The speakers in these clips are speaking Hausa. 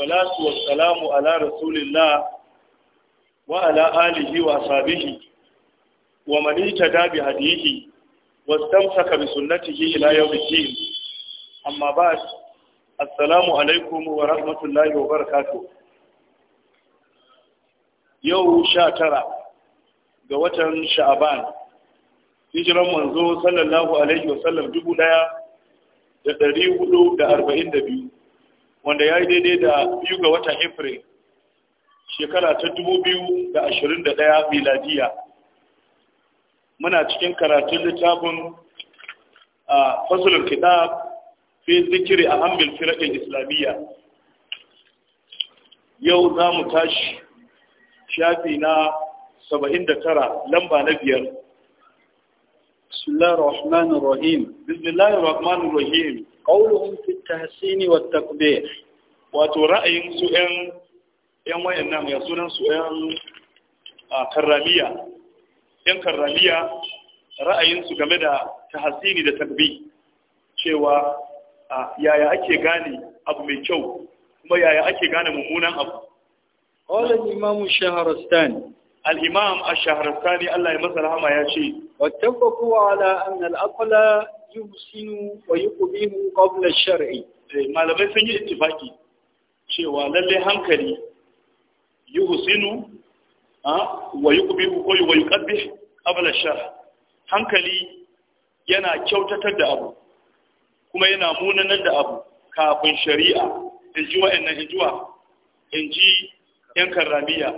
والصلاة والسلام على رسول الله وعلى آله وأصحابه ومن اهتدى بهديه واستمسك بسنته إلى يوم الدين أما بعد السلام عليكم ورحمة الله وبركاته يوم شاترة قوة شعبان hijiran manzo صلى الله عليه وسلم جبنا da ɗari hudu da arba'in wanda ya yi daidai da biyu ga watan april shekara ta 2021 miladiya muna cikin karatun littafin a fasulun kitab fi zikiri a hamil firakin islamiyya yau za mu tashi shafi na 79 lamba na biyar bismillahirrahmanirrahim bismillahirrahmanirrahim qauluhum fi tahsini wa takbir wato ra'ayin su ƴan ƴan wayannan ya sunan su ƴan karramiya ƴan karramiya ra'ayin su game da tahsini da takbir cewa yaya ake gane abu mai kyau kuma yaya ake gane mummunan abu قال الإمام الشهرستاني الإمام الشهرستاني الله يمثل هما يا شيء واتفقوا على أن الأقل yusinu wa yuqbihu qabla ash-shar'i eh, malamai sun yi ittifaki cewa lalle hankali yuhsinu wa yuqbihu ko wa yuqabbih qabla ash-shar' hankali yana kyautatar da abu kuma yana munanar da abu kafin shari'a in ji wa'annan in jiwa in ji yan karramiya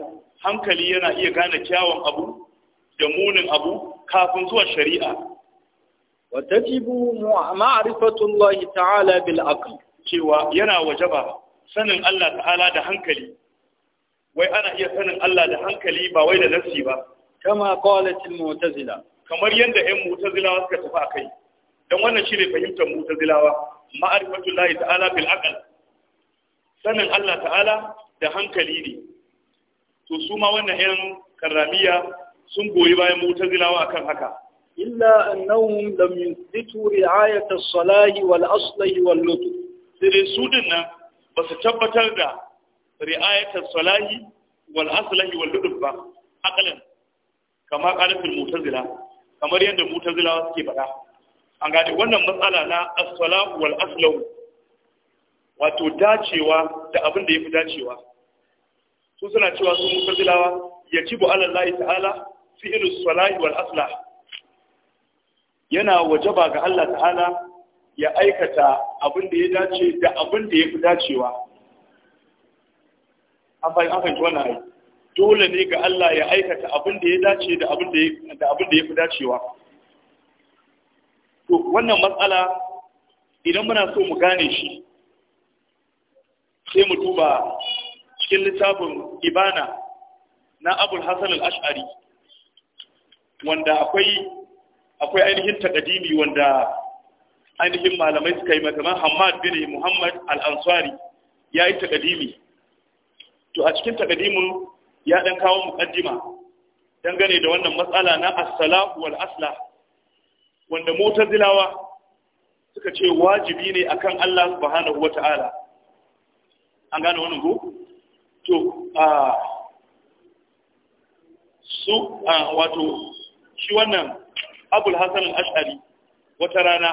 hankali yana iya gane kyawun abu da munin abu kafin zuwa shari'a وتجب معرفة الله تعالى بالعقل cewa yana wajaba sanin Allah ta'ala da hankali wai ana iya sanin Allah da hankali ba wai da nafsi ba kama qalat al-mu'tazila kamar yanda ƴan mu'tazilawa suka tafi akai dan wannan shine fahimtar mu'tazilawa ma'rifatu Allah ta'ala bil aql sanin Allah ta'ala da hankali ne to su ma wannan ƴan karramiya sun goyi bayan a kan haka إلا أنهم لم يثبتوا رعاية الصلاة والأصل واللطف سرسودنا بس تبتر دا رعاية الصلاة والأصل واللطف أقلا كما قال في المعتزلة كما رأينا المعتزلة كيف an gane wannan matsala na assalam wal wato dacewa da abin da ya fi dacewa su suna cewa su mutazilawa ya ci bu ta'ala fi'ilu ilu salahi wal aslah yana wajaba ga Allah ta'ala ya aikata abin da ya dace da abin da ya fi dacewa an fahimci wannan ai dole ne ga Allah ya aikata abin da ya dace da abin da ya fi dacewa to wannan matsala idan muna so mu gane shi sai mu duba cikin littafin ibana na abul Hassan al-ash'ari wanda akwai akwai ainihin takadimi wanda ainihin malamai suka yi kamar hamad bin muhammad al-ansari ya yi takadimi to a cikin takadimin ya dan kawo mukaddima dangane da wannan matsala na as-salah wal aslah wanda mutazilawa suka ce wajibi ne akan Allah subhanahu wata'ala an gane wannan ko to a su wato shi wannan abul hasan al-ash'ari wata rana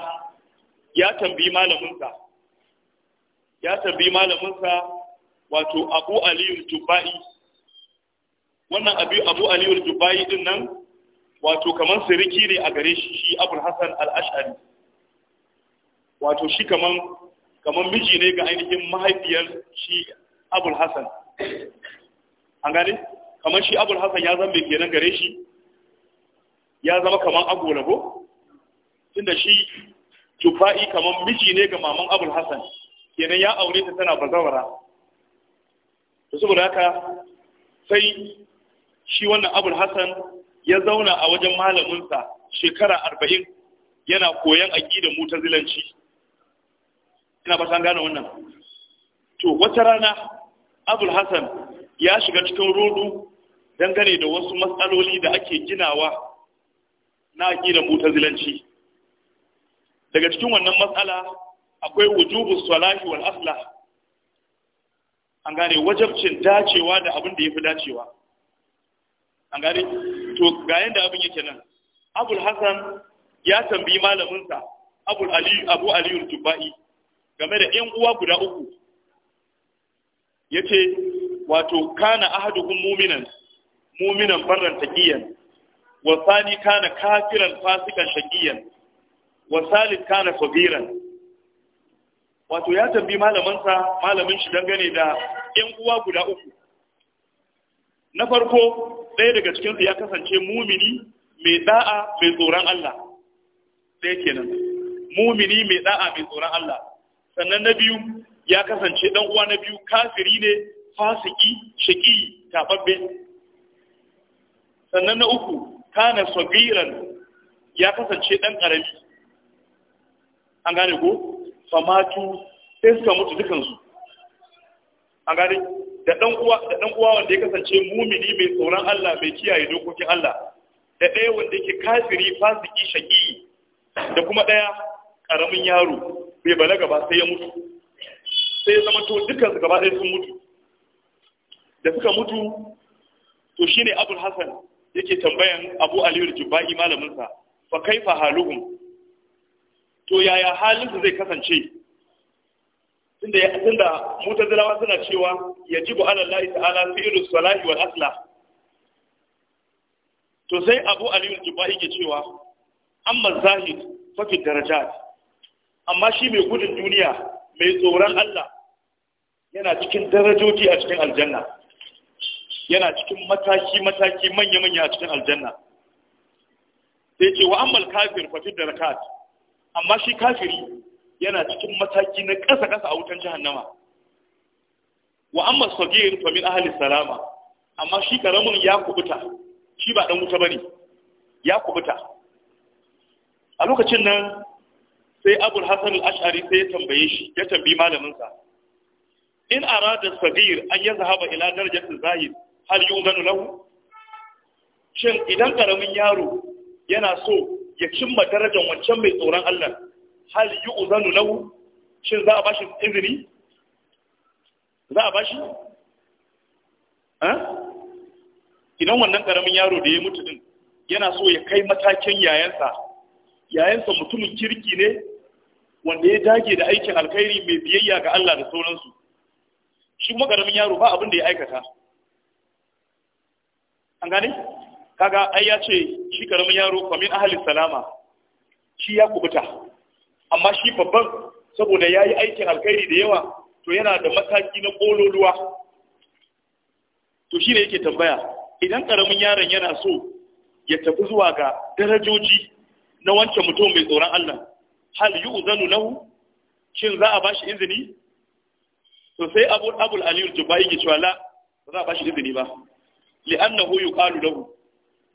ya tambayi malaminsa ya tambayi malaminsa wato abu aliyu jubai wannan abu abu aliyu jubai din nan wato kaman siriki ne a gare shi shi abul hasan al-ash'ari wato shi kaman kaman miji ne ga ainihin mahaifiyar shi abul hasan an gane kaman shi abul hasan ya zama mai kenan gare shi ya zama kamar agola ko tunda shi tufai kamar miji ne ga maman abul hassan kenan ya aure ta tana bazawara to saboda haka sai shi wannan abul hassan ya zauna a wajen malaminsa shekara arba'in yana koyon aƙidar zilanci. ina ba san gane wannan to wata rana abul hassan ya shiga cikin rudu dangane da wasu matsaloli da ake ginawa na aƙidar mutazilanci daga cikin wannan matsala akwai wujubu salahi wal asla an gane wajabcin dacewa da abin da ya dacewa an gane to ga yadda abin yake nan abul hasan ya tambayi malaminsa abul ali abu aliyu jubai game da yan uwa guda uku yace wato kana ahadukum mu'minan mu'minan barran taqiyan والثاني كان kana kafiran fasikan والثالث كان كبيرا kana kabiran wato ya tambi malamansa malamin shi dangane da yan uwa guda uku na farko ɗaya daga cikin su ya kasance mumini mai da'a mai tsoron Allah ɗaya kenan mumini mai da'a mai tsoron Allah sannan na biyu ya kasance dan uwa na biyu kafiri ne fasiki shaqi tababbe sannan na uku kana sabiran ya kasance dan karami an gane ko famatu sai suka mutu dukansu an gane da dan uwa da dan uwa wanda ya kasance mumini mai tsoron Allah mai kiyaye dokokin Allah da ɗaya wanda yake kafiri fasiki shaki da kuma ɗaya karamin yaro bai balaga ba sai ya mutu sai ya zama to dukkan su gaba ɗaya sun mutu da suka mutu to shine Abul Hasan yake tambayan abu aliyu jubba'i malaminsa fa kaifa haluhum to yaya halin zai kasance tunda tunda mutazilawa suna cewa yajibu ala Allah ta'ala fi'lu salahi wal asla to sai abu aliyu jubba'i ke cewa amma zahid fa fi darajat amma shi mai gudun duniya mai tsoron Allah yana cikin darajoji a cikin aljanna yana cikin mataki mataki manya manya a cikin aljanna sai ce wa ammal kafir fa fi darakat amma shi kafiri yana cikin mataki na ƙasa ƙasa a wutan jahannama wa amma sagir fa min ahli salama amma shi ƙaramin ya kubuta shi ba dan wuta bane ya kubuta a lokacin nan sai abul hasan al-ash'ari sai ya tambaye shi ya tambayi malamin sa in arada sagir an yazhaba ila darajatin zahid hal yuzanu lahu shin idan karamin yaro yana so ya cimma darajar wancan mai tsoron Allah hal yuzanu lahu shin za a bashi izini za a bashi idan wannan karamin yaro da ya mutu din yana so ya kai matakin yayansa yayansa mutumin kirki ne wanda ya dage da aikin alkhairi mai biyayya ga Allah da sauransu shi kuma karamin yaro ba abin da ya aikata an gane kaga ai ya ce shi karamin yaro fa min salama shi ya kubuta amma shi babban saboda ya yi aikin alkhairi da yawa to yana da mataki na ƙololuwa to shi ne yake tambaya idan karamin yaron yana so ya tafi zuwa ga darajoji na wancan mutum mai tsoron Allah hal yu'zanu lahu shin za a bashi izini to sai abul abul aliyu jubai ya ce wala ba za a bashi izini ba li'annahu yuqalu lahu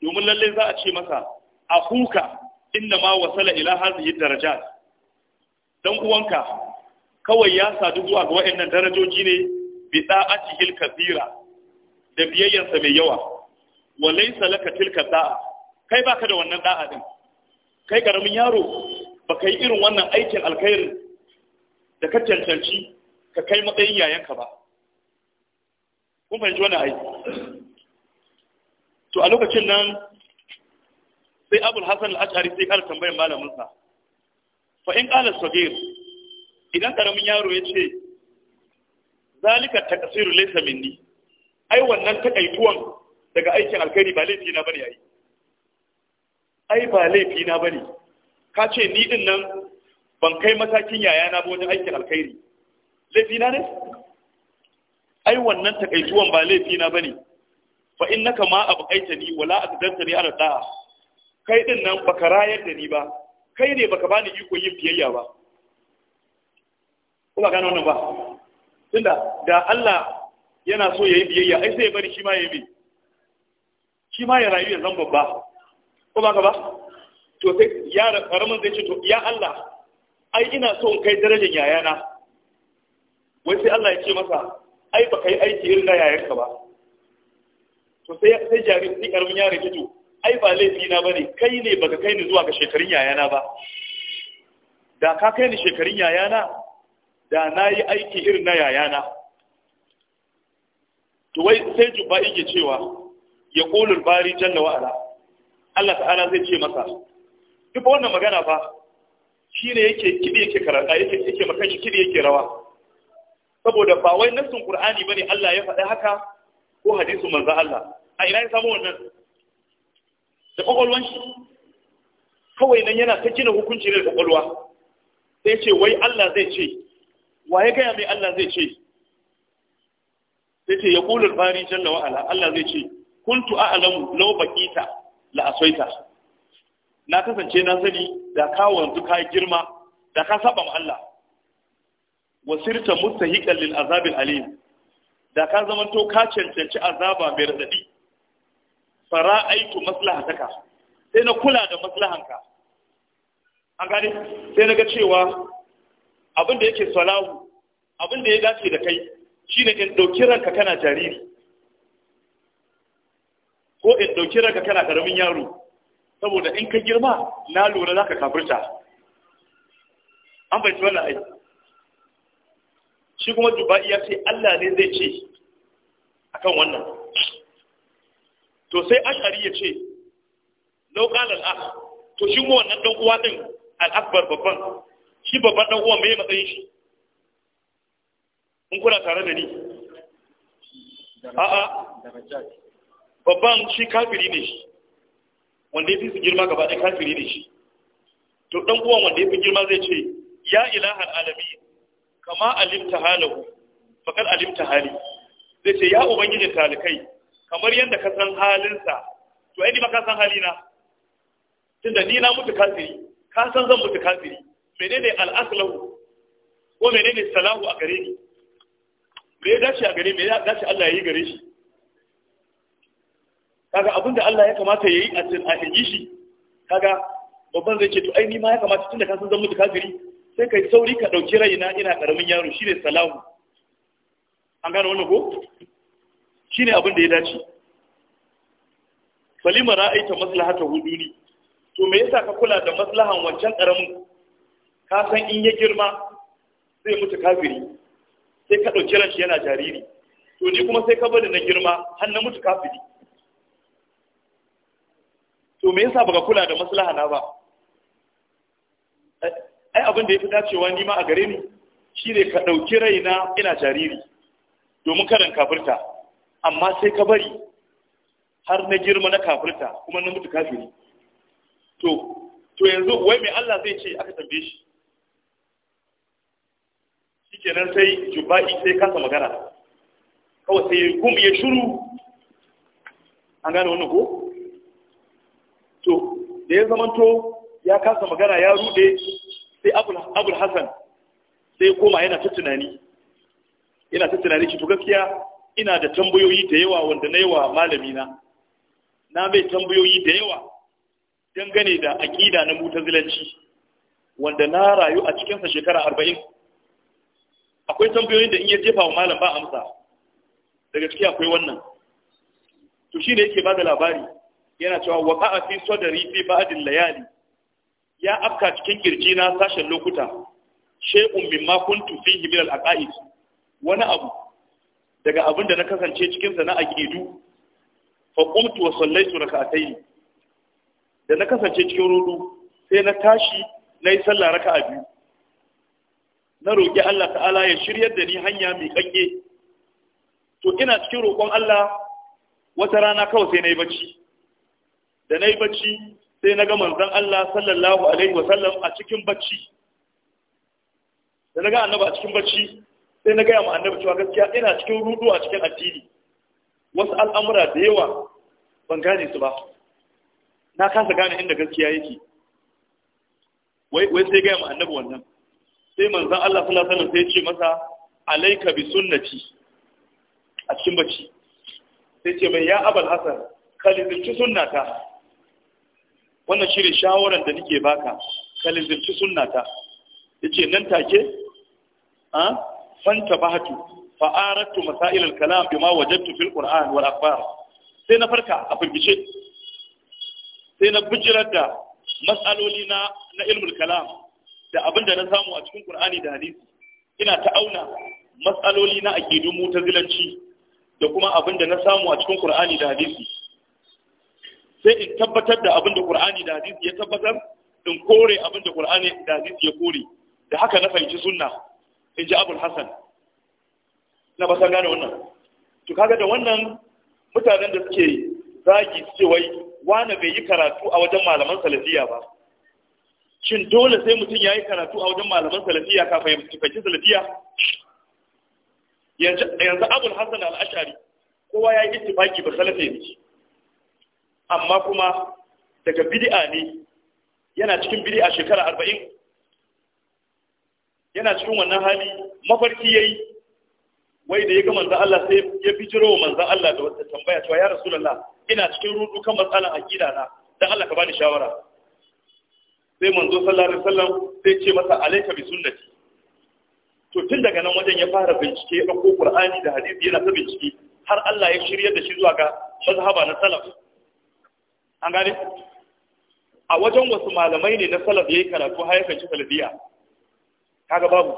domin lalle za a ce masa akuka inna ma wasala ila hadhihi darajat dan uwanka kawai ya sadu zuwa ga wayannan darajoji ne bi da'atihil kabira da biyayyarsa mai yawa wa laysa laka tilka da'a kai baka da wannan da'a din kai karamin yaro baka yi irin wannan aikin alkhairi da ka cancanci ka kai matsayin yayanka ba kun fahimci wannan aiki to a lokacin nan sai abul hasan al'ashari sai kara tambayar malamin fa in ƙala sagir idan ƙaramin yaro ya ce zalika ƙasiru laisa minni ai wannan takaituwan daga aikin alkhairi ba laifi na bane yayi ai ba laifi na bane ka ce ni din nan ban kai matakin yayana ba wajen aikin alkhairi laifi na ne ai wannan takaituwan ba laifi na bane fa in naka ma ni, wala ni ala da'a kai din nan baka rayar da ni ba kai ne baka bani iko yin biyayya ba Kuma ba gano wannan ba tunda da Allah yana so yayi biyayya ai sai ya bari shi ma yayi bi shi ma ya rayu ya zan babba Kuma ba ka ba to sai ya karamin zai ce to ya Allah ai ina so in kai darajar yayana wai sai Allah ya ce masa ai baka yi aiki irin na yayanka ba to sai sai jari sai karamin yaro kito ai ba laifi na bane kai ne baka kai ni zuwa ga shekarun yayana ba da ka kai ni shekarun yayana da na yi aiki irin na yayana to wai sai jubba yake cewa ya kulul bari jalla wa ala Allah ta'ala zai ce masa duk wannan magana fa shi ne yake kidi yake karanta yake yake makan shi kidi yake rawa saboda ba wai nassun qur'ani bane Allah ya faɗa haka ko hadisin manzo Allah a ina ya samu wannan da kwakwalwan shi kawai nan yana ta gina hukunci ne da kwakwalwa sai ce wai Allah zai ce waye gaya mai Allah zai ce sai ce ya kulul bari jalla wa ala Allah zai ce kuntu a'lamu law baqita la asaita na kasance na sani da ka wanzu ka girma da ka saba ma Allah wasirta mustahiqan lil azabil alim da ka to ka cancanci azaba mai radadi fara aitu maslahataka sai na kula da maslahanka an gane sai na ga cewa abin da yake salahu abin da ya dace da kai shine in dauki ranka kana jariri ko in dauki ranka kana karamin yaro saboda in ka girma na lura zaka kafirta an bai wannan aiki shi kuma juba'i ya ce Allah ne zai ce akan wannan to sai ashari ya ce lauƙal al'ah to shi kuma wannan ɗan uwa ɗin al'akbar babban shi babban ɗan mai matsayin shi in kuna tare da ni a'a babban shi kafiri ne shi wanda ya fi su girma gaba ɗaya kafiri ne shi to ɗan uwan wanda ya fi girma zai ce ya ilahar alamin kama alimta halahu fakar alimta hali sai ce ya ubangijin talikai kamar yadda ka san halinsa to ai ni ba ka san halina tunda ni na mutu kafiri ka san zan mutu kafiri menene al'aslahu ko menene salahu a gare ni me ya dace a gare me ya dace Allah ya yi gare shi kaga abinda Allah ya kamata ya yi a cikin a shi kaga babban zai ce to ai ni ma ya kamata tunda ka san zan mutu kafiri sai kai sauri ka ɗauki raina ina ƙaramin yaro shi ne salamu an gane wani ko shi ne abin da ya dace falima ra'aita maslahata ne to me yasa ka kula da maslahan wancan ƙaramin ka san in ya girma zai mutu kafiri sai ka ɗauki ranshi yana jariri to ni kuma sai ka bari na girma har na mutu kafiri to me yasa baka kula da maslaha na ba eh, ai abin da ya fi dacewa nima a gare ni shi ne ka ɗauki raina ina jariri domin karin kafirta amma sai ka bari har na girma na kafirta kuma na mutu kafiri to to yanzu wai mai Allah zai ce aka tambaye shi kenan sai juba'i sai kasa magana kawai sai gum ya shuru an gane wannan ko to da ya zamanto ya kasa magana ya rude sai abu hassan sai koma yana ta tunani yana ta tunani shi to gaskiya ina da tambayoyi da yawa wanda na yawa malamina na mai tambayoyi da yawa dangane da aƙida na mutazilanci wanda na rayu a cikinsa shekara arba'in akwai tambayoyin da in ya jefa wa malam ba amsa daga ciki akwai wannan to shi ne yake ba da labari yana cewa wa a fi da fi adin layali ya afka cikin kirji na sashen lokuta shekun mimma makon fihi min al wani abu daga abin da na kasance cikin sa na aqidu fa qumtu wa sallaitu rak'atayn da na kasance cikin rudu sai na tashi na yi sallah a biyu na roƙi Allah ta'ala ya shiryar da ni hanya mai ƙanƙe. to ina cikin roƙon Allah wata rana kawai sai na yi bacci da na yi bacci sai na ga manzan Allah sallallahu alaihi wasallam a cikin bacci da na ga annaba a cikin bacci sai na gaya ma annaba cewa gaskiya ina cikin rudu a cikin addini wasu al'amura da yawa ban gane su ba na kasa gane inda gaskiya yake wai sai gaya ma annaba wannan sai manzan Allah sallallahu alaihi wasallam sai ya ce masa alaika bi sunnati a cikin bacci sai ce mai ya abal hasan ka sunnata wannan shi ne shawaran da nike baka ka lizirci sunnata ya ce nan take a ah, fanta bahatu fa'aratu masailar kalam bima wajadtu fil qur'an wal akhbar sai na farka a firgice sai na bijirar da matsaloli na na ilmul kalam da abinda na samu a cikin qur'ani da hadisi ina ta auna matsaloli na aqidun mutazilanci da kuma abinda na samu a cikin qur'ani da hadisi sai in tabbatar da abin da Qur'ani da hadisi ya tabbatar in kore abin da Qur'ani da hadisi ya kore da haka na fahimci sunna in ji Abul Hasan na ba san gane wannan to kaga da wannan mutanen da suke zagi suke wai wani bai yi karatu a wajen malaman salafiya ba shin dole sai mutum ya yi karatu a wajen malaman salafiya kafin ya fahimci salafiya yanzu abul hassan al'ashari kowa ya yi ittifaki ba salafiya ne amma kuma daga bid'a ne yana cikin bid'a shekara arba'in yana cikin wannan hali mafarki yayi wai da ya manzo Allah sai ya bijiro wa manzan Allah da wata tambaya cewa ya rasulullah ina cikin rudu kan matsalan aqida na dan Allah ka bani shawara sai manzo sallallahu alaihi wasallam sai ce masa alayka bi sunnati to tun daga nan wajen ya fara bincike ya dauko Qur'ani da hadisi yana ta bincike har Allah ya shiryar da shi zuwa ga mazhaba na salaf an gane a wajen wasu malamai ne na salaf yayi karatu har yakan ci salafiya kaga babu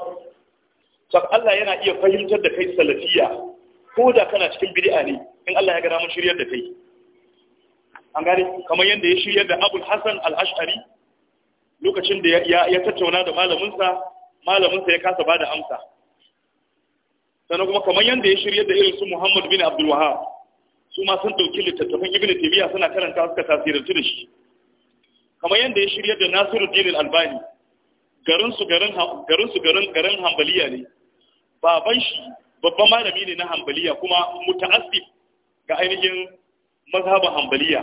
sak Allah yana iya fahimtar da kai salafiya ko da kana cikin bid'a ne in Allah ya ga mun shiryar da kai an gane kamar yadda ya shiryar da Abu Hassan Al-Ash'ari lokacin da ya tattauna da malaminsa malaminsa ya kasa bada amsa sannan kuma kamar yadda ya shiryar da irin su Muhammad bin Abdul Wahhab su ma sun ɗauki littattafan ibn taymiya suna karanta suka tasirantu da shi kamar yadda ya shirya da nasiruddin albani garin su garin garin su garin garin ne baban shi babban malami ne na hambaliya kuma muta'assib ga ainihin mazhabin hambaliya.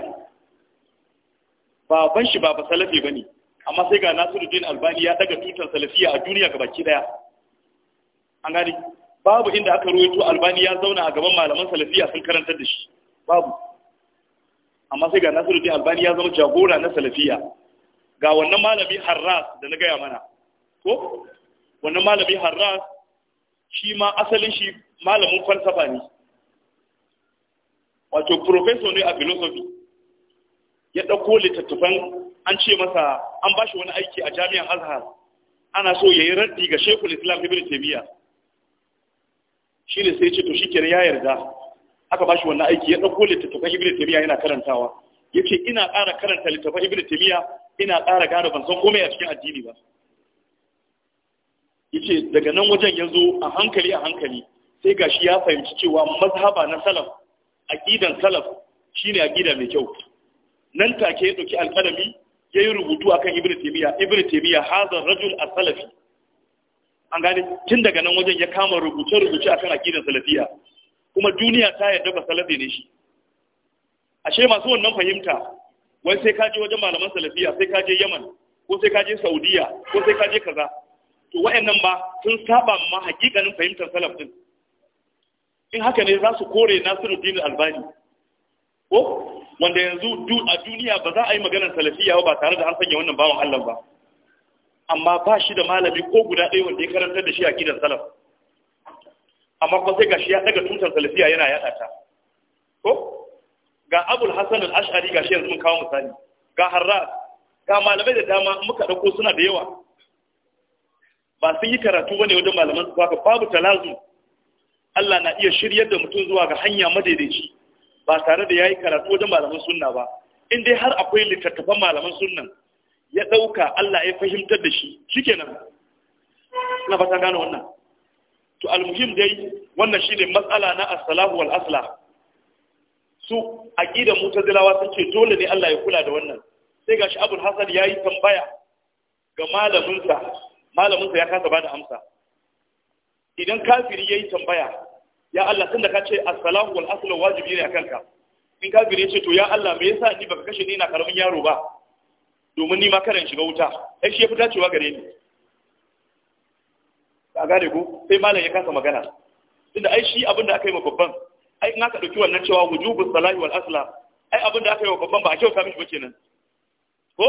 baban shi ba ba salafi bane amma sai ga nasiruddin albani ya daga tutar salafiya a duniya gabaki daya an gani babu inda aka ruwaito albani ya zauna a gaban malaman salafiya sun karantar da shi babu amma sai ga nasiruddin albani ya zama jagora na salafiya ga wannan malami harras da na gaya mana ko wannan malami harras shi ma asalin shi malamin falsafa ne wato professor ne a philosophy ya ɗauko littattafan an ce masa an ba shi wani aiki a jami'an azhar ana so ya yi raddi ga shekul islam ibn taymiya shi ne sai ce to shi ya yarda aka bashi wannan aiki ya ɗauko littattafan ibn taymiya yana karantawa yace ina ƙara karanta littattafan ibn taymiya ina ƙara gane ban san komai a cikin addini ba yace daga nan wajen yanzu a hankali a hankali sai gashi ya fahimci cewa mazhaba na salaf aqidan salaf shine aqida mai kyau nan take ya dauki alƙalami yayi rubutu akan ibn taymiya ibn taymiya hadha rajul as-salafi an gane tun daga nan wajen ya kama rubuce-rubuce akan aqidan salafiya kuma duniya ta yarda ba salafi ne shi ashe masu wannan fahimta wai sai kaje wajen malaman salafiya sai kaje yaman ko sai kaje saudiya ko sai kaje kaza to wayannan ba sun saba ma hakikanin fahimtar salaf din in haka ne za su kore nasiruddin albani ko wanda yanzu a duniya ba za a yi maganar salafiya ba tare da an sanya wannan bawan allah ba amma ba shi da malami ko guda ɗaya wanda ya karanta da shi a gidan salaf amma kuma sai gashi ya daga tutar salafiya yana yada ta ko ga abul hasan al-ash'ari gashi yanzu mun kawo misali ga harras ga malamai da dama muka dauko suna da yawa ba sun yi karatu bane wajen malaman su ba babu talazu Allah na iya shiryar da mutum zuwa ga hanya madaidaici ba tare da yayi karatu wajen malaman sunna ba in dai har akwai littattafan malaman sunnan ya dauka Allah ya fahimtar da shi shikenan ina fata gano wannan to almuhim dai wannan shine matsala na as-salahu wal asla su aqidar mutazilawa sun ce dole ne Allah ya kula da wannan sai gashi abul hasan yayi tambaya ga malaminsa malaminsa ya kasa bada amsa idan kafiri yayi tambaya ya Allah tunda ka ce as-salahu wal asla wajibi ne akan ka in kafiri ya ce to ya Allah me yasa ni baka kashe ni na karamin yaro ba domin ni ma karan shiga wuta ai shi ya fita cewa gare ni ka gane ku? sai malam ya kasa magana tunda ai shi abin da aka yi wa babban ai in aka dauki wannan cewa wujubu salahi wal asla ai abin da aka yi wa babban ba a kyauta mishi ba kenan ko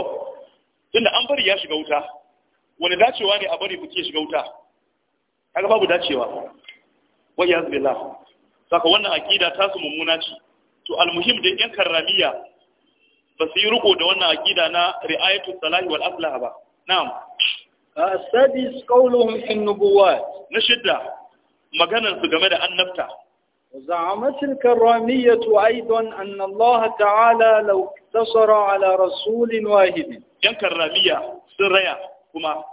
tunda an bari ya shiga wuta wani dacewa ne a bari mutum shiga wuta kaga babu dacewa wai ya saka wannan akida ta su mummuna ce to almuhim da yan karramiya ba su yi riko da wannan akida na ri'ayatu salahi wal asla ba na'am السادس قولهم في النبوات نشدة مجانا game da annabta وزعمت الكرامية أيضا أن الله تعالى لو اقتصر على رسول واحد ين كرامية سرية كما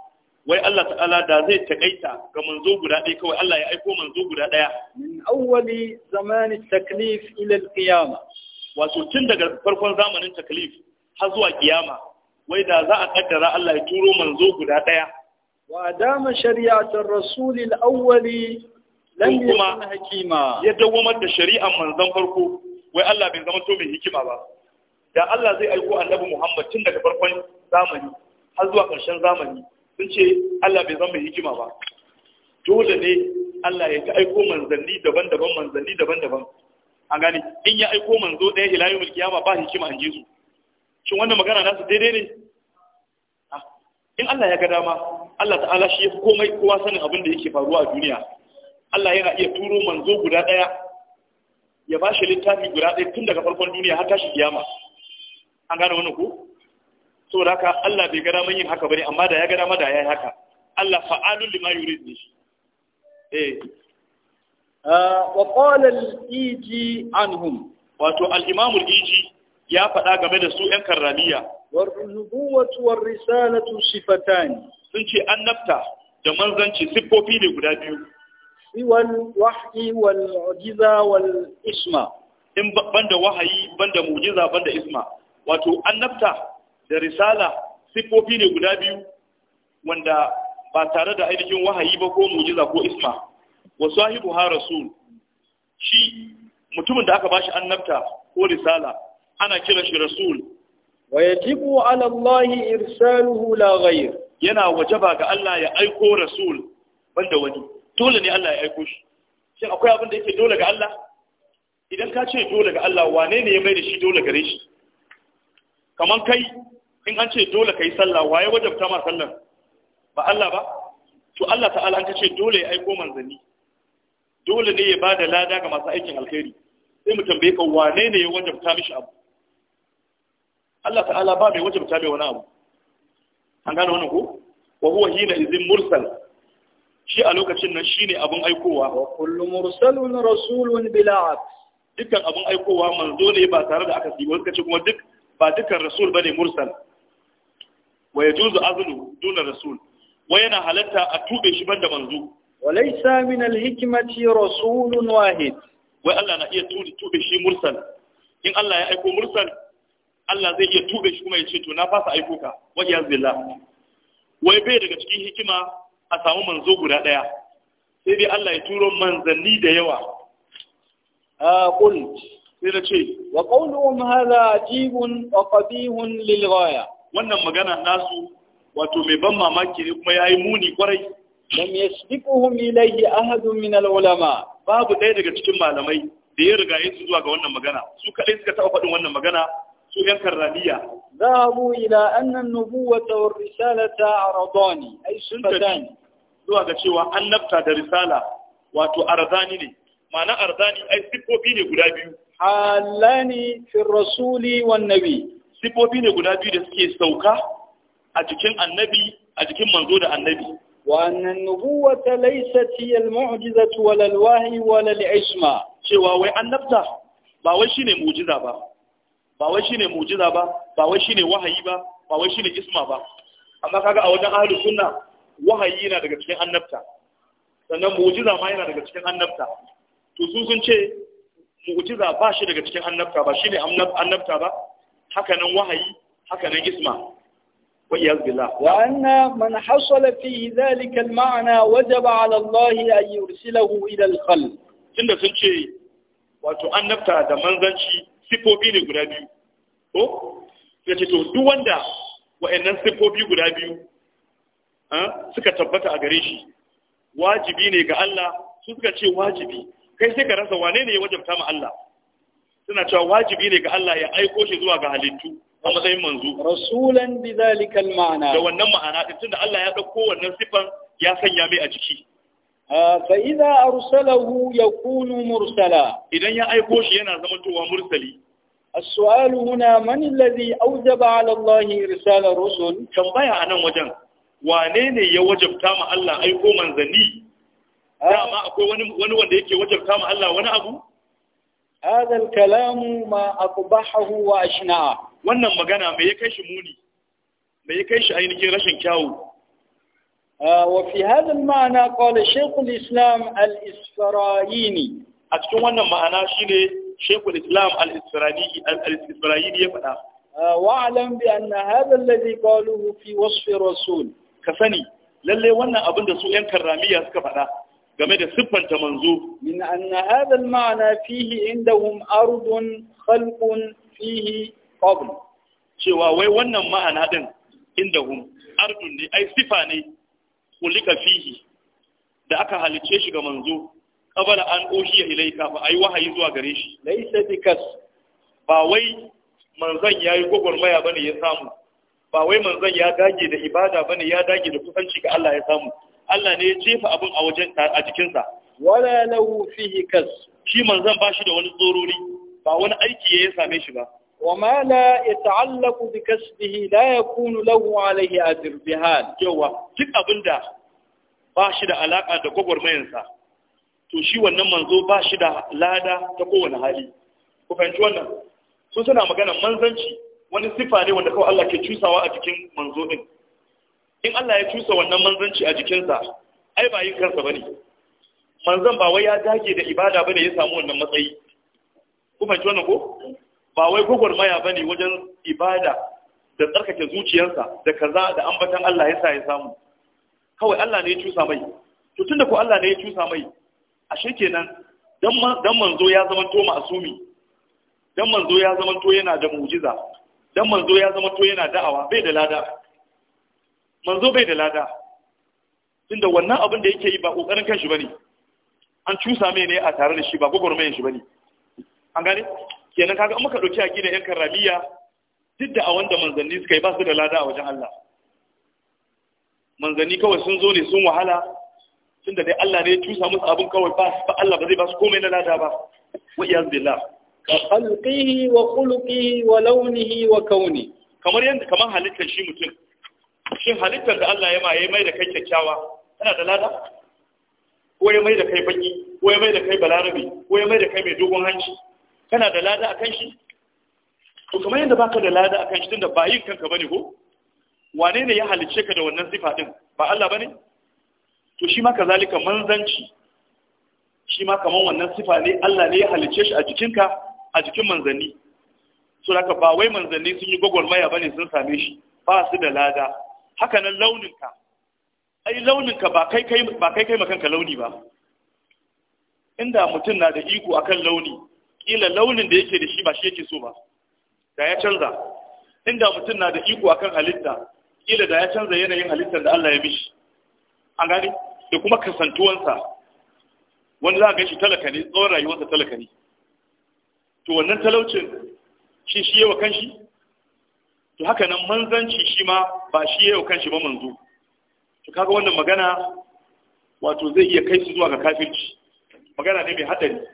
wai Allah ta'ala da zai takaita ga manzo guda ɗaya kawai Allah ya aiko manzo guda ɗaya min awwali zamani taklif ila al tun daga farkon zamanin taklif har zuwa wai da za a kaddara Allah ya turo manzo guda daya wa dama shari'atar rasulil awwali lam yakun hakima ya dawamar da shari'ar manzon farko wai Allah bai zama to mai hikima ba da Allah zai aiko annabi Muhammad tun daga farkon zamani har zuwa ƙarshen zamani sun ce Allah bai zama mai hikima ba dole ne Allah ya ta aiko manzanni daban-daban manzanni daban-daban an gane in ya aiko manzo ɗaya ila yawmul kiyama ba hikima an ji su shin wannan magana nasu daidai ne ah, in Allah ya ga dama Allah ta'ala shi fi komai kowa sanin abin da yake faruwa a duniya Allah yana iya turo manzo guda daya ya ba shi littafi guda daya tun daga farkon duniya har tashi kiyama an gane wannan ko saboda haka Allah bai ga daman yin haka bane amma da ya ga dama da yayi haka Allah fa'alul lima yurid ne eh ah, wa qala al-iji anhum wato al-imam al-iji ya faɗa game da su ‘yan karramiya. Warrubuwatu war risalatu sifatani. Sun ce an nafta da manzanci siffofi ne guda biyu. Siwal wahyi wal mu'jiza wal isma. In banda wahayi, banda mu'jiza, banda isma. Wato an nafta da risala siffofi ne guda biyu wanda ba tare da ainihin wahayi ba ko mu'jiza ko isma. Wa sahibu ha rasul. Shi mutumin da aka bashi nafta ko risala ana kiran shi rasul wa yajibu ala Allah irsaluhu la ghayr yana wajaba ga Allah ya aiko rasul banda wani dole ne Allah ya aiko shi shin akwai abin da yake dole ga Allah idan ka ce dole ga Allah wane ne ya mai da shi dole gare shi Kamar kai in an ce dole kai sallah waye wajabta ma sallar ba Allah ba to Allah ta'ala an ka ce dole ya aiko manzanni dole ne ya bada lada ga masu aikin alkhairi sai mu tambaye ka wane ne ya wajabta mishi abu Allah ta'ala ba mai wajabta mai wani abu an gane wannan ko wa huwa hina izin mursal shi a lokacin nan shi ne abin aikowa wa kullu mursalun rasulun bila dukkan abin aikowa manzo ne ba tare da aka yi wasu kace kuma duk ba dukkan rasul bane mursal wa yajuzu azlu duna rasul wa yana halatta a tube shi banda manzo wa laysa min alhikmati rasulun wahid wai Allah na iya tube shi mursal in Allah ya aiko mursal Allah zai iya tube shi kuma ya ce to na fasa aiko ka wa zila wai bai daga cikin hikima a samu manzo guda ɗaya. sai dai Allah ya turo manzanni da yawa a qul sai na ce wa qawluhum hadha ajibun wa qabihun lil ghaya wannan magana nasu wato mai ban mamaki ne kuma yayi muni kwarai lam yasbiquhum ilayhi ahadun min al ulama babu ɗaya daga cikin malamai da ya riga su zuwa ga wannan magana su kaɗai suka taɓa faɗin wannan magana su yan karramiya ذهبوا إلى أن النبوة والرسالة عرضان أي صفتان zuwa ga cewa an nafta da risala wato arzani ne ma'ana arzani ai sifofi ne guda biyu halani fi rasuli wan nabi sifofi ne guda biyu da suke sauka a cikin annabi a cikin manzo da annabi wa annan nubuwata laysat hiya al mu'jizatu cewa wai ba wai shine mu'jiza ba ba wai shine mu'jiza ba ba wai shine wahayi ba ba wai shine isma ba amma kaga a wajen ahlus sunna wahayi yana daga cikin annabta sannan mu'jiza ma yana daga cikin annabta to su sun ce mu'jiza ba shi daga cikin annabta ba shine annabta ba haka nan wahayi haka nan isma والعياذ بالله وأن من حصل في ذلك المعنى وجب على الله أن يرسله إلى الخلق tunda sun ce wato annabta da manzanci sifofi ne guda biyu ko sai ce to duk wanda wa'annan sifofi guda biyu suka tabbata a gare shi wajibi ne ga Allah su suka ce wajibi kai sai ka rasa wane ne ya wajabta ma Allah suna cewa wajibi ne ga Allah ya aiko shi zuwa ga halittu a matsayin manzo rasulan bi zalikal ma'ana da wannan ma'ana din tunda Allah ya dauko wannan sifan ya sanya mai a jiki Ah, fa idza arsalahu yakunu mursala idan ya aiko shi yana zama towa mursali as-su'alu huna man alladhi awjaba 'ala Allah irsal ar-rusul tambaya anan wajen wane ne ya wajabta ma Allah aiko manzanni ah. dama akwai wani wani wanda yake wajabta ma Allah wani abu hadha al-kalam ma aqbahahu wa ashna'a wannan magana me ya kai shi muni me ya kai shi ainihin rashin kyawu وفي هذا المعنى قال شيخ الإسلام الإسفرايني أتكون وانا معنا شيني شيخ الإسلام الإسفرايني يفعل واعلم بأن هذا الذي قالوه في وصف الرسول كفني للي وانا أبن سوء كرامية كفعل game da siffanta manzo min anna hadha al-ma'na fihi indahum ardun khalqun fihi qabl cewa wai wannan ma'ana din indahum ardun ne ai sifa ne kulika fihi da aka halice shi ga manzo qabala an ohiya ilayka fa ayi wahayi zuwa gare shi laysa bikas ba wai manzon yayi gogormaya bane ya samu ba wai manzon ya dage da ibada bane ya dage da kusanci ga Allah ya samu Allah ne ya jefa abin a wajen a jikinsa wala lahu fihi kas shi manzon ba shi da wani tsorori ba wani aiki ya same shi ba وما لا يتعلق بكسبه لا يكون له عليه اجر بها جوا duk abinda ba shi da alaka da gwagwarmayansa to shi wannan manzo ba shi da lada ta kowane hali ku fahimci wannan su suna magana manzanci wani sifa ne wanda kawai Allah ke cusawa a jikin manzo din in Allah ya cusa wannan manzanci a jikinsa ai ba yin kansa bane manzon ba wai ya dage da ibada bane ya samu wannan matsayi ku fahimci wannan ko ba wai gwagwarmaya ba ne wajen ibada da tsarkake zuciyarsa da kaza da ambatan Allah ya sa ya samu kawai Allah ne ya cusa mai to tunda ko Allah ne ya cusa mai ashe kenan dan manzo ya zama to ma'sumi dan manzo ya zama to yana da mu'jiza dan manzo ya zama to yana da'awa bai da lada manzo bai da lada tunda wannan abin da yake yi ba kokarin kanshi bane an cusa mai ne a tare da shi ba mai shi bane an gane kenan kaga muka dauki aqidar yan karabiya duk da a wanda manzanni suka yi ba su da lada a wajen Allah manzanni kawai sun zo ne sun wahala tunda dai Allah ne ya cusa musu abin kawai ba ba Allah ba zai ba su komai na lada ba wa iyaz billah ka khalqihi wa khuluqihi wa launihi wa kauni kamar yanda kamar halittar shi mutum shin halittar da Allah ya ma yayi mai da kai kyakkyawa tana da lada ko ya mai da kai baki ko ya mai da kai balarabi ko ya mai da kai mai dogon hanci kana da lada akan shi to kamar yadda baka da lada akan shi tunda ba yin kanka bane ko wane ne ya halicce ka da wannan sifa din ba Allah bane to shi ma kazalika manzanci shi ma kamar wannan sifa ne Allah ne ya halicce shi a jikinka a jikin manzanni so haka ba wai manzanni sun yi gwagwarmaya bane sun same shi ba su da lada haka nan launinka ai launinka ba kai kai ba kai kai makanka launi ba inda mutum na da iko akan launi kila launin da yake da shi ba shi yake so ba da ya canza inda mutum na da iko akan halitta kila da ya canza yanayin halittar da Allah ya mishi an gani da kuma kasantuwansa wani za a gan shi talaka ne tsawon rayuwarsa talaka ne to wannan talaucin shi shi yawa kanshi to haka nan manzanci shi ma ba shi yawa kanshi ba manzo to kaga wannan magana wato zai iya kai su zuwa ga kafirci magana ne mai haɗari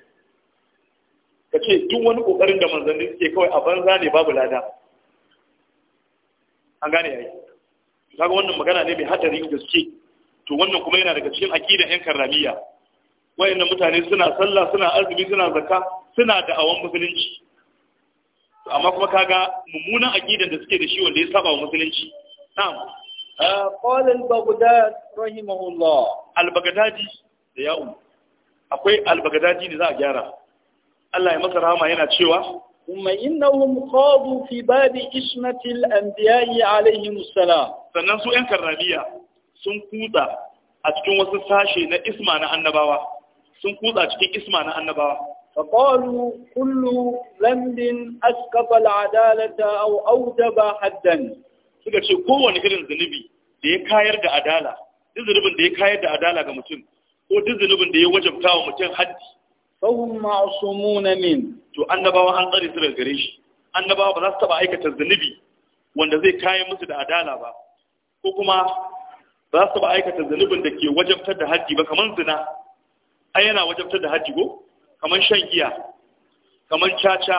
ka ce duk wani kokarin da manzanni suke kawai a banza ne babu lada an gane yayi kaga wannan magana ne mai hadari da suke to wannan kuma yana daga cikin aqidan yan karramiya wayannan mutane suna sallah suna azumi suna zakka suna da awan musulunci amma kuma kaga mummunan aqidan da suke da shi wanda ya saba wa musulunci na'am قال البغداد رحمه الله البغدادي da ya'u akwai albagadadi ne za a gyara Allah ya masa rahama yana cewa kuma innahum qadu fi babi ismatil anbiya'i alaihim salam sannan su yan karrabiya sun kutsa a cikin wasu sashe na isma na annabawa sun kutsa cikin isma na annabawa فقالوا كل ذنب أسقط العدالة أو أوجب haddan. suka ce kowane irin zunubi da ya kayar da adala duk zunubin da ya kayar da adala ga mutum ko duk zunubin da ya wajabta wa mutum haddi fahum ma'sumuna min to annabawa an tsare su daga gare shi annabawa ba za su taba aikata zunubi wanda zai kayan musu da adala ba ko kuma ba su taba aikata zunubin da ke wajabtar da haji ba kamar zina ai yana wajabtar da haji ko kamar shan giya kamar caca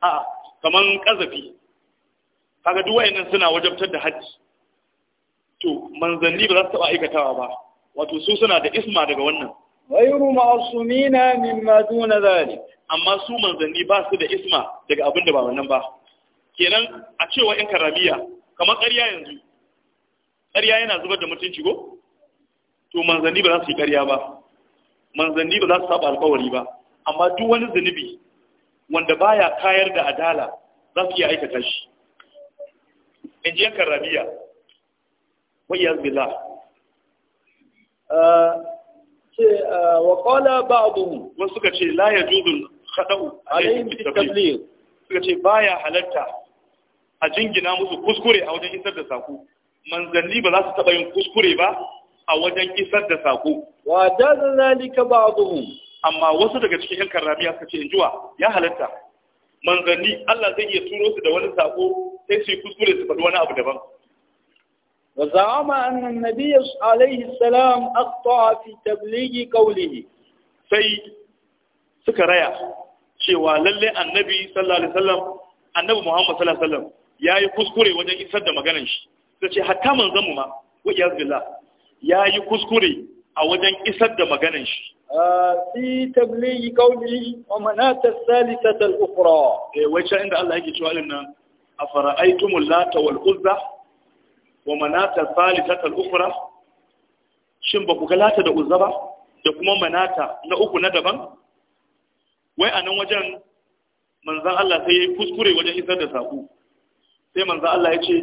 a kamar kazafi kaga duk wayannan suna wajabtar da haji to manzanni ba za su taba aikatawa ba wato su suna da isma daga wannan غير معصومين مما دون ذلك amma su manzanni ba su da isma daga abin da ba wannan ba kenan a cewa in karabiya kamar ƙarya yanzu ƙarya yana zubar da mutunci go to manzanni ba za su yi ƙarya ba manzanni ba za su saba alƙawari ba amma duk wani zunubi wanda baya kayar da adala za su iya aikata shi in ji yan karamiya wa iyaz billah eh, ce ah, wa qala ba'dhum wasu suka ce la ya khada'u alayhim suka ce baya halatta a jingina musu kuskure a wajen isar da sako manzanni ba za su taba yin kuskure ba a wajen isar da sako wa jaza zalika ba'dhum amma wasu daga cikin yan karramiya suka ce injuwa ya halatta manzanni Allah zai iya turo su da wani sako sai su kuskure su faɗi wani abu daban وزعم أن النبي عليه السلام أخطأ في تبليغ قوله sai suka raya cewa lalle annabi sallallahu annabi Muhammad sallallahu alaihi wasallam kuskure wajen isar da maganar shi sai ce ma wa iyaz billah yayi kuskure a wajen isar da maganar shi fi tablighi qawli wa manat as-salisata al eh, inda Allah yake cewa nan lata uzza wa manata salisatal ukhra shin baku ga lata da uzza ba da kuma manata na uku na daban wai a nan wajen manzan Allah sai ya yi kuskure wajen isar da saƙo sai manzan Allah ya ce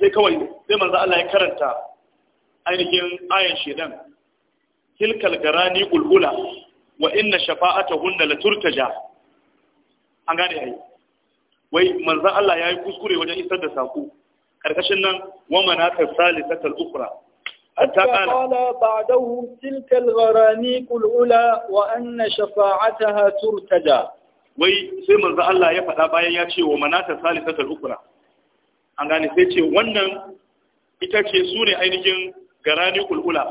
sai kawai sai manzan Allah ya karanta ainihin ayan shedan tilkal garani ulula wa inna shafa'ata hunna an gane wai manzan Allah ya yi kuskure wajen isar da saƙo karkashin nan na ta wa manatar salisatar ukra حتى قال بعدهم تلك الغرانيق العلا وأن شفاعتها ترتجى wai sai manzo Allah ya faɗa bayan ya ce wa manata salisatul ukra an gane sai ce wannan ita ce su ne ainihin garani kulula.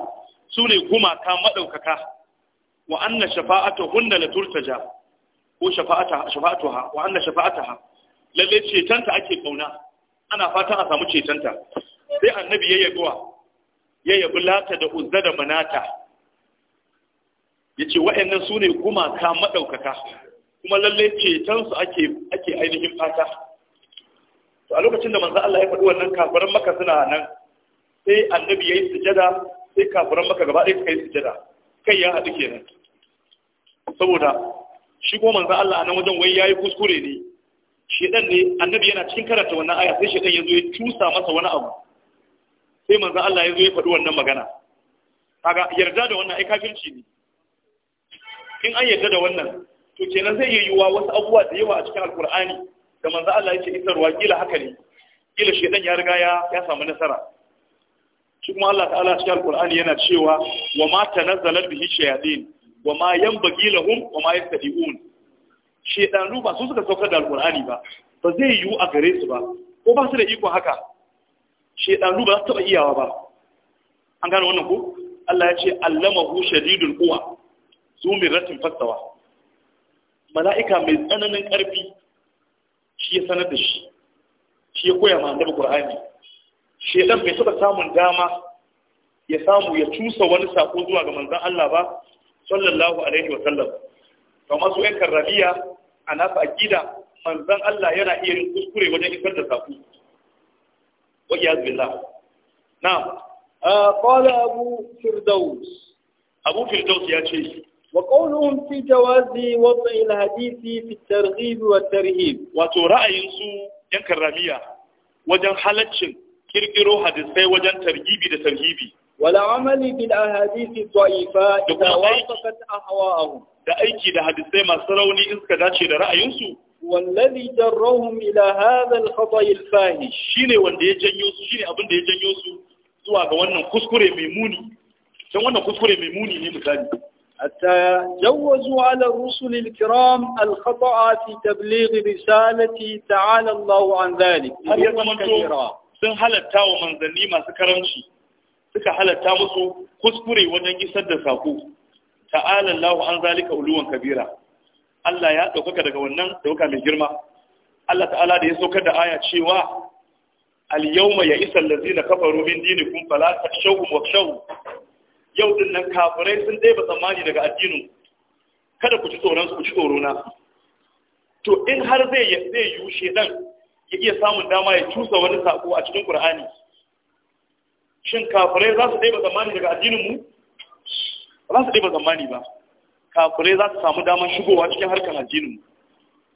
su ne gumaka madaukaka wa anna shafa'atu hunna la turtaja ko shafa'ata shafa'atuha wa anna shafa'ataha lalle ce tanta ake ƙauna. ana fatan a samu cetanta sai annabi ya yabuwa ya yabi lata da uzza da manata ya ce wa'annan su ne gumaka maɗaukaka kuma lalle cetonsu ake ake ainihin fata to a lokacin da manzo Allah ya faɗi wannan kafiran maka suna nan sai annabi ya yi sujada sai kafiran maka gaba ɗaya suka yi sujada kai ya haɗu kenan saboda shi kuma manzo Allah a nan wajen wai yayi kuskure ne shedan ne annabi yana cikin karanta wannan aya sai shedan ya ya cusa masa wani abu sai manzo Allah ya ya faɗi wannan magana kaga yarda da wannan ai kafirci ne in an yarda da wannan to kenan zai yi yiwuwa wasu abubuwa da yawa a cikin alkur'ani da manzo Allah ya ce isarwa kila haka ne kila shedan ya riga ya ya samu nasara shi kuma Allah ta'ala cikin alkur'ani yana cewa wa ma tanazzalat bihi shayatin wa ma yanbaghi lahum wa ma yastadi'un shaidanu ba su suka saukar da alkur'ani ba ba zai yiwu a gare su ba ko ba su da iko haka shaidanu ba su taɓa iyawa ba an gane wannan ko Allah ya ce allamahu shadidul quwa ratin fastawa mala'ika mai tsananin karfi shi ya sanar da shi shi ya koya ma annabi qur'ani bai taba samun dama ya samu ya cusa wani sako zuwa ga manzon Allah ba sallallahu alaihi wa sallam kamar su yan karrabiya a nasu akida manzon Allah yana iya yin kuskure wajen isar da saƙo wa iyaz billah na'am qala abu firdaus abu firdaus ya ce wa qawluhum fi jawazi wad'i ilhadisi hadisi fi at wa tarhib wato ra'ayinsu yankan rabiya wajen halaccin kirkiro hadisai wajen tarhibi da tarhibi wala amali bil ahadisi dha'ifa idza wafaqat ahwa'ahum da aiki da hadisai masu rauni in suka dace da ra'ayinsu wallazi jarrahum ila hadha al khata' al fahish shine wanda ya janyo su shine abin da ya janyo su zuwa ga wannan kuskure mai muni dan wannan kuskure mai muni ne misali hatta jawazu ala rusul al kiram al khata' fi tabligh risalati ta'ala Allah an dhalik har ya zamanto sun halatta wa manzanni masu karamci suka halatta musu kuskure wajen isar da sako ta'ala Allah an zalika uluwan kabira Allah ya ɗaukaka daga wannan dauka mai girma Allah ta'ala da ya saukar da aya cewa al-yawma ya isal ladina kafaru min dinikum fala wa wakshaw yau din nan kafirai sun ɗeba tsammani daga addinin kada ku ci tsoron su ku ci tsoro na to in har zai zai yushe dan ya iya samun dama ya cusa wani sako a cikin ƙur'ani. shin kafirai za su daiba zamani daga addininmu? ba za su daiba zamani ba kafirai za su samu damar shigowa cikin harkar addininmu.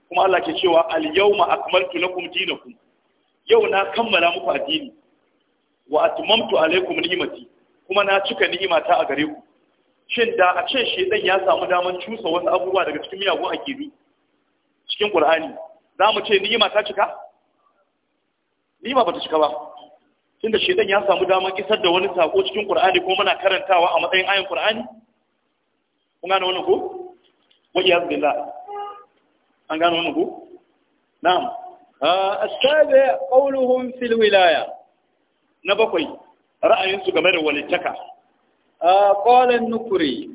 kuma Allah ke cewa al-yawma akmaltu lakum ku. yau na kammala muku addini wa atmamtu alaikum ni'mati kuma na cika ni'imata a gare ku shin da a ce Dan ya samu daman cusa wasu abubuwa daga cikin miyagun akidu cikin ƙur'ani. za mu ce ni'ima ta cika ba bata cika ba tunda shedan ya samu damar kisar da wani sako cikin Qur'ani ko muna karantawa a matsayin ayin Qur'ani kun gane wannan ko ya billah an gane wannan ko na'am asabe qawluhum fil wilaya na bakwai ra'ayinsu game da walittaka qala an-nukri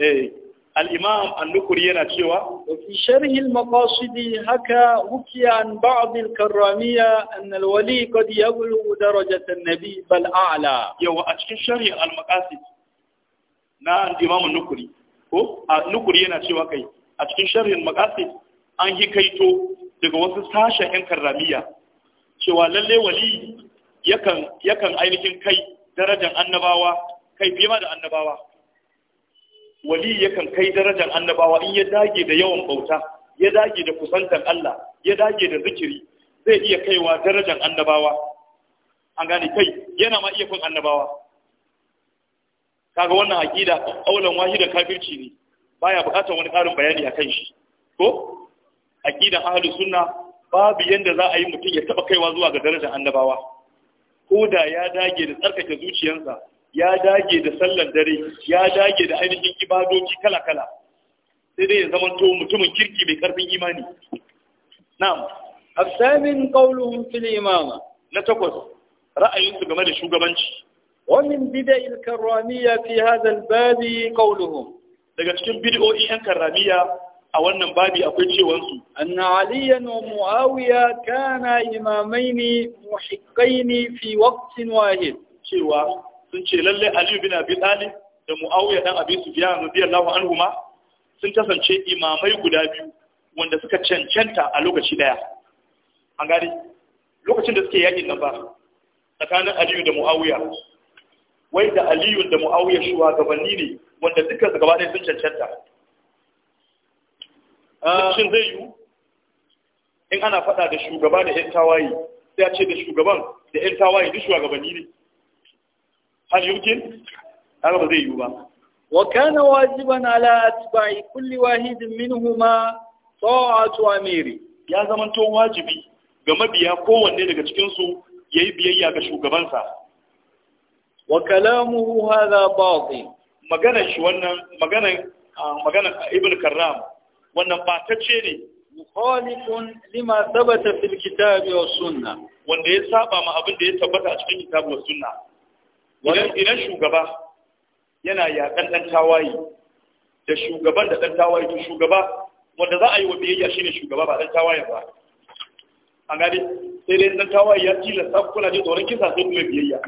eh al’imam Nukuri yana cewa wafi sharhin makasudi haka hukiyan ba'abin karramiya an alwali kod ya gulu da rajatan nabi bal’ala yawa a cikin sharhin al-makasudi na imam al’ukuri ko al’ukuri yana cewa kai a cikin sharhin makasudi an yi kaito daga wasu sashen yan karramiya cewa lalle wali yakan ainihin kai darajan annabawa kai fiye ma da annabawa wali yakan kai darajar annabawa in ya dage da yawan bauta ya dage da kusantar Allah ya dage da zikiri zai iya kaiwa darajar annabawa an gane kai yana ma iya kun annabawa kaga wannan aqida aulan wahida kafirci ne baya bukatar wani karin bayani akan shi ko aqidan ahli sunna babu yanda za a yi mutum ya taba kaiwa zuwa ga darajar annabawa ko da ya dage da tsarkake zuciyarsa ya dage da sallar dare ya dage da ainihin ibadoci kala-kala sai dai ya zama to mutumin kirki mai karfin imani na'am asamin qauluhum fil imama na takwas ra'ayinsu game da shugabanci ومن بدع الكرامية في هذا الباب قولهم daga cikin bid'o'i yan karamiya a wannan babi akwai cewansu anna aliyan wa muawiya kana imamaini muhiqqaini fi waqtin wahid cewa sun ce lalle aliyu bin abi talib da muawiya dan abi sufyan radiyallahu anhuma sun kasance imamai guda biyu wanda suka cancanta a lokaci daya an gari lokacin da suke yaƙin nan ba tsakanin aliyu da muawiya wai da aliyu da muawiya shugabanni ne wanda duka gaba ɗaya sun cancanta ah. shin zai yiwu in ana faɗa da shugaba da 'yan tawaye sai a ce da shugaban da 'yan tawaye duk shugabanni ne hal yumkin haka ba zai yiwu ba wa kana wajiban ala atba'i kulli wahidin minhuma ta'atu amiri ya zamanto wajibi ga mabiya kowanne daga cikin su yayi biyayya ga shugabansa wa kalamuhu hadha baati maganar shi wannan maganar magana ibn karram wannan batacce ne mukhalifun lima thabata fil kitabi wa sunnah wanda ya saba ma abin da ya tabbata a cikin kitabu wa sunna idan shugaba yana yaƙan ɗan tawaye da shugaban da ɗan tawaye to shugaba wanda za a yi wa biyayya shi ne shugaba ba ɗan tawaye ba a gane sai dai ɗan tawaye ya tilasta kuna jin tsoron kisa sai kuma biyayya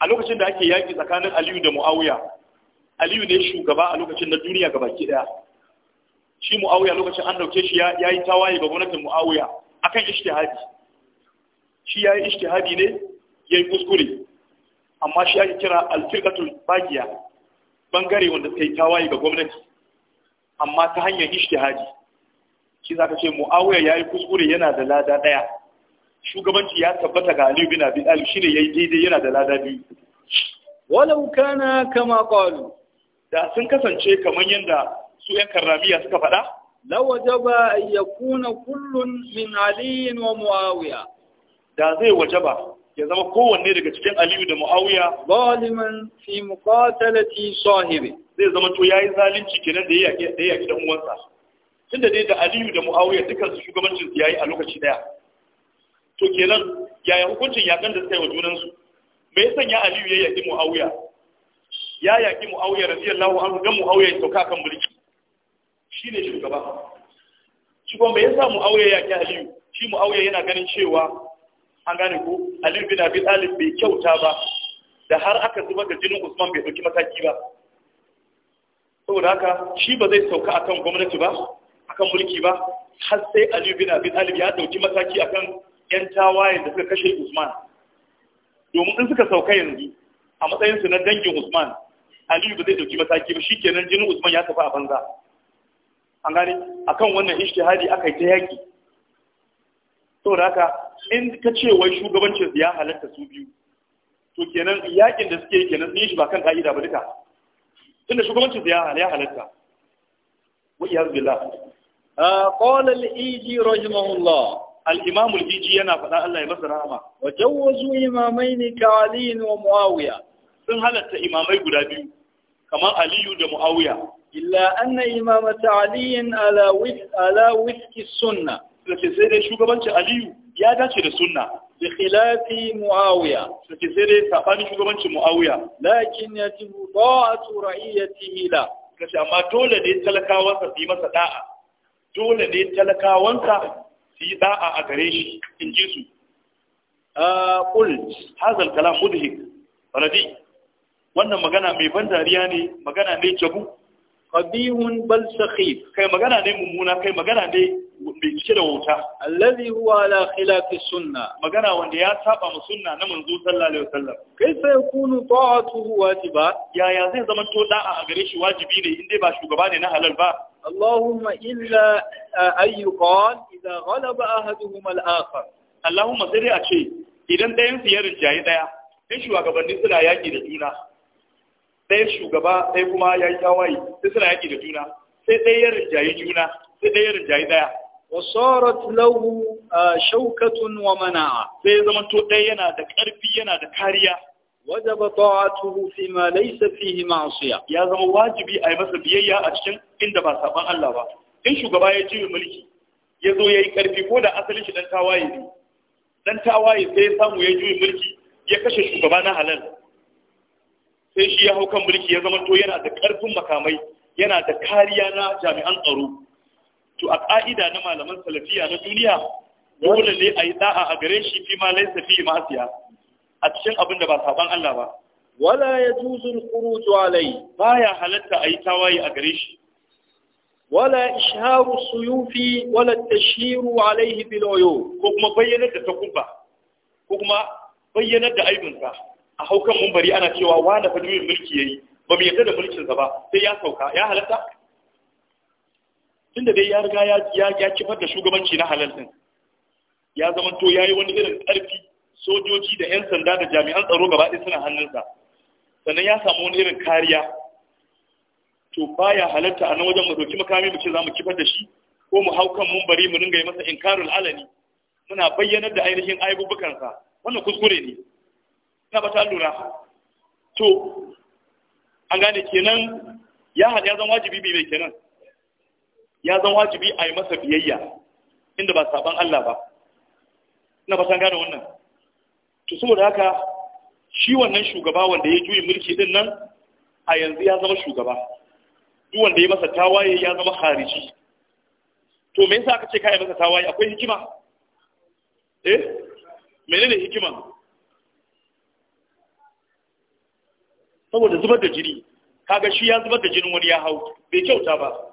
a lokacin da ake yaƙi tsakanin aliyu da mu'awiya aliyu ne shugaba a lokacin na duniya baki ɗaya shi mu'awiya lokacin an ɗauke shi ya yi tawaye ga gwamnatin mu'awiya akan ishtihadi shi ya yi ishtihadi ne ya yi kuskure amma shi ake kira alfirqatul bagiya bangare wanda suka yi tawaye ga gwamnati amma ta hanyar ishtihadi shi zaka ce muawiya yayi kuskure yana da lada daya shugabanci ya tabbata ga aliyu bin abi talib shine yayi daidai yana da lada biyu walau kana kama qalu da sun kasance kamar yadda su yan karramiya suka faɗa lawajaba ya kuna kullun min aliyin wa muawiya da zai wajaba ya zama kowanne daga cikin aliyu da mu'awiya zaliman fi muqatalati sahibi zai zama to yayi zalunci kenan da yake da yake da uwansa tunda dai da aliyu da mu'awiya dukkan su shugabancin su yayi a lokaci daya to kenan yaya hukuncin yakan da sai yi wa junan su me yasa ya aliyu ya yaki mu'awiya ya yaki mu'awiya radiyallahu anhu dan mu'awiya ya sauka kan mulki shine shugaba shi kuma me yasa mu'awiya ya yaki aliyu shi mu'awiya yana ganin cewa an gane ko aliyu bin abi talib bai kyauta ba da har aka zubar da jinin usman bai ɗauki mataki ba saboda haka shi ba zai sauka akan gwamnati ba akan mulki ba har sai aliyu bin abi talib ya ɗauki mataki akan yan tawayen da suka kashe usman domin in suka sauka yanzu a matsayinsu na dangin usman aliyu ba zai ɗauki mataki ba shi jinin usman ya tafi a banza an gane akan wannan ishtihadi aka yi ta yaki. saboda haka in ka ce wai shugabancin ya halatta su biyu to kenan yakin da suke kenan sun yi shi ba kan ka'ida ba duka inda shugabancin ya halatta wa iyaz billah qala al-iji rahimahullah al-imam al-iji yana faɗa Allah ya masa rahama wa jawwazu imamain ka Ali wa Muawiya sun halatta imamai guda biyu kamar Aliyu da Muawiya illa anna imamata Ali ala wifq ala wifq sunnah sake sai dai shugabanci aliyu ya dace da sunna da khilafi muawiya sake sai dai sabanin shugabanci muawiya lakin ji ta'atu ra'iyatihi la kace amma dole ne talakawansa su yi masa da'a dole ne talakawansa su yi da'a a gare shi in ji su qult hadha al-kalam mudhik radi wannan magana mai ban dariya ne magana ne jabu qabihun bal sakhif kai magana ne mummuna kai magana ne mai cike da wuta allazi huwa ala khilafi sunna magana wanda ya saba mu sunna na manzo sallallahu alaihi wasallam kaifa yakunu ta'atuhu wajiba ya ya zai zama to da'a a gare shi wajibi ne inda ba shugaba ne na halal ba Allahumma illa eh, an yuqal idza ghalaba ahaduhuma al-akhar Allahumma sai a ce idan dayan su ya rinjayi daya sai shugabanni suna yaki da juna sai shugaba sai kuma ya yi tawaye sai suna yaki da juna sai ɗaya ya rinjayi juna sai ɗaya ya rinjayi daya wasarat a shaukatun wa mana'a sai zama to dai yana da karfi yana da kariya wajaba ta'atuhu fi ma laysa fihi ma'siya ya zama wajibi a yi masa biyayya a cikin inda ba saban Allah ba in shugaba ya ji mulki ya zo yayi karfi ko da asalin shi dan tawaye ne dan tawaye sai ya samu ya ji mulki ya kashe shugaba na halal sai shi ya hau kan mulki ya zama yana da karfin makamai yana da kariya na jami'an tsaro to a ƙa'ida na malaman salafiya na duniya dole ne a yi ɗa’a a gare shi fi ma laisa fi a cikin abin da ba saban Allah ba wala ya tuzun al tuwalai Ba ya halatta a yi tawaye a gare shi wala isharu suyufi wala tashiru alaihi biloyo. ko kuma bayyanar da ta kuma ko kuma bayyanar da aibinsa a haukan mumbari ana cewa wa na fadimin mulki ya yi, ba mu yadda da mulkinsa ba sai ya sauka ya halatta tunda dai ya riga ya ya kifar da shugabanci na halal din ya zama to yayi wani irin karfi sojoji da yan sanda da jami'an tsaro gaba ɗaya suna hannunsa sannan ya samu wani irin kariya to baya halatta a nan wajen mu dauki makami mu ce za kifar da shi ko mu hau kan bari mu ringa yi masa inkarul alani muna bayyanar da ainihin aibubukansa wannan kuskure ne ina ba ta lura to an gane kenan ya hada ya zama wajibi bi mai kenan ya zan wajibi a yi masa biyayya inda ba saban Allah ba ina ba san gane wannan to saboda haka shi wannan shugaba wanda ya juyi mulki din nan a yanzu ya zama shugaba duk wanda ya masa tawaye ya zama khariji to me yasa aka ce kai masa tawaye akwai hikima eh menene hikima saboda zubar da jini kaga shi ya zubar da jinin wani ya hau bai kyauta ba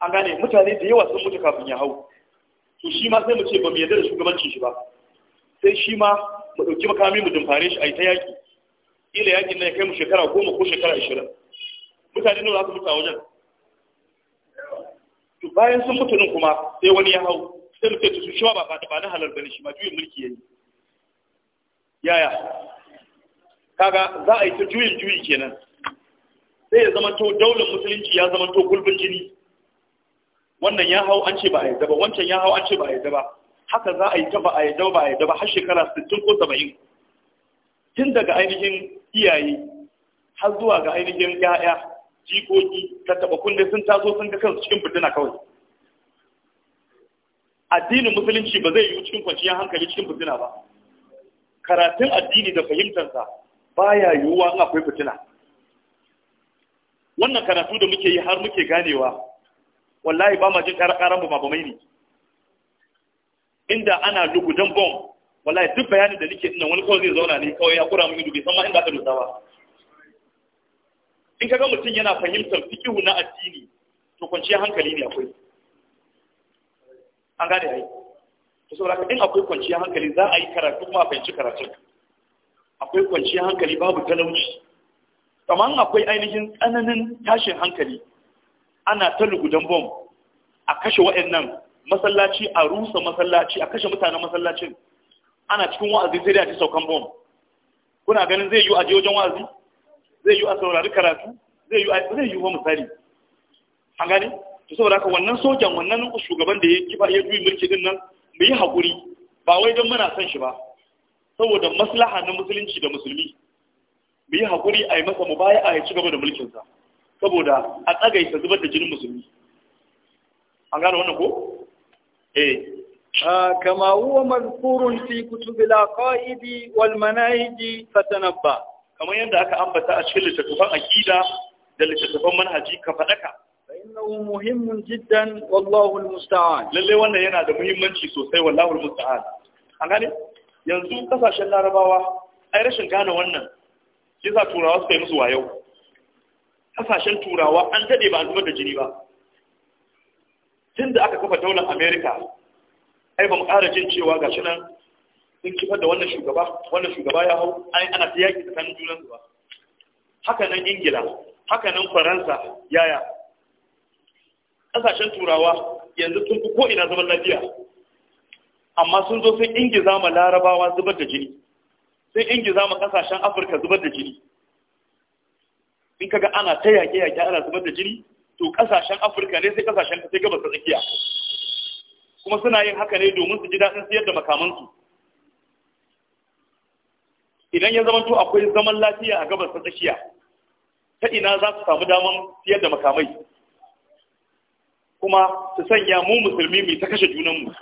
an gane mutane da yawa sun mutu kafin ya hau to shi ma sai mu ce ba mu yarda da shugabancin shi ba sai shi ma mu ɗauki makami mu dumfare shi a yi ta yaƙi ila yaƙin na ya kai mu shekara goma ko shekara ashirin mutane nawa za su mutu a wajen to bayan sun mutu din kuma sai wani ya hau sai mu ce to shi ma ba ba na halal bane shi ma juyin mulki yayi yaya kaga za a yi ta juyin juyi kenan sai ya zama to daular musulunci ya zama to gulbin jini wannan ya hau an ce ba a yadda ba wancan ya hau an ce ba a yadda ba haka za a yi ta ba a yadda ba a yadda ba har shekara 60 ko 70 tun daga ainihin iyaye har zuwa ga ainihin ya'ya jikoki ta taba kunne sun taso sun ga kansu cikin fitina kawai addinin musulunci ba zai yiwu cikin kwanciyar hankali cikin fitina ba karatun addini da fahimtarsa baya yiwuwa in akwai fitina wannan karatu da muke yi har muke ganewa wallahi ba ma jin karakaran ba ba mai ne inda ana dan bom wallahi duk bayani da nake ina wani kawai zai zauna ne kawai ya kura mun dubi amma inda aka dosa ba in kaga mutum yana fahimtar fikihu na addini to kwanciyar hankali ne akwai an gane ai to saboda in akwai kwanciyar hankali za a yi karatu kuma a fahimci karatu akwai kwanciyar hankali babu talauci amma akwai ainihin tsananin tashin hankali ana ta lugudan bom a kashe waɗannan masallaci a rusa masallaci a kashe mutanen masallacin ana cikin wa'azi sai da ta saukan bom kuna ganin zai yi a je wajen wa'azi zai yi a saurari karatu zai yi zai yi wa misali an gane to saboda haka wannan sojan wannan shugaban da ya kifa ya juyi mulki din nan mu yi hakuri ba wai don muna son shi ba saboda maslaha na musulunci da musulmi mu yi hakuri a yi masa mubaya'a ya ci gaba da mulkin sa. saboda a tsagaita zubar da jinin musulmi an gano wannan ko eh كما هو مذكور في كتب العقائد والمناهج فتنبه Kamar yadda aka ambata a cikin littattafan akida da littattafan manhaji ka fadaka فإنه مهم جدا والله المستعان lalle wannan yana da muhimmanci sosai wallahi almusta'an an gane yanzu kasashen larabawa ai rashin gane wannan sa turawa suka yi musu wayo kasashen turawa an daɗe ba a zubar da jini ba tun da aka kafa daular amerika ai ba mu ƙara jin cewa ga shi nan sun kifar da wannan shugaba wannan shugaba ya hau ai ana ta yaƙi tsakanin junan ba haka nan ingila haka nan faransa yaya ƙasashen turawa yanzu sun fi ko'ina zaman lafiya amma sun zo sun ingiza ma larabawa zubar da jini sun ingiza ma ƙasashen afirka zubar da jini in kaga ana ta yaƙe yaƙe ana zubar da jini to ƙasashen afirka ne sai ƙasashen sai gabas ta tsakiya kuma suna yin haka ne domin su ji daɗin siyar da makamansu idan ya zamanto akwai zaman lafiya a gabas ta tsakiya ta ina za su samu daman siyar da makamai kuma su sanya mu musulmi mai ta kashe junanmu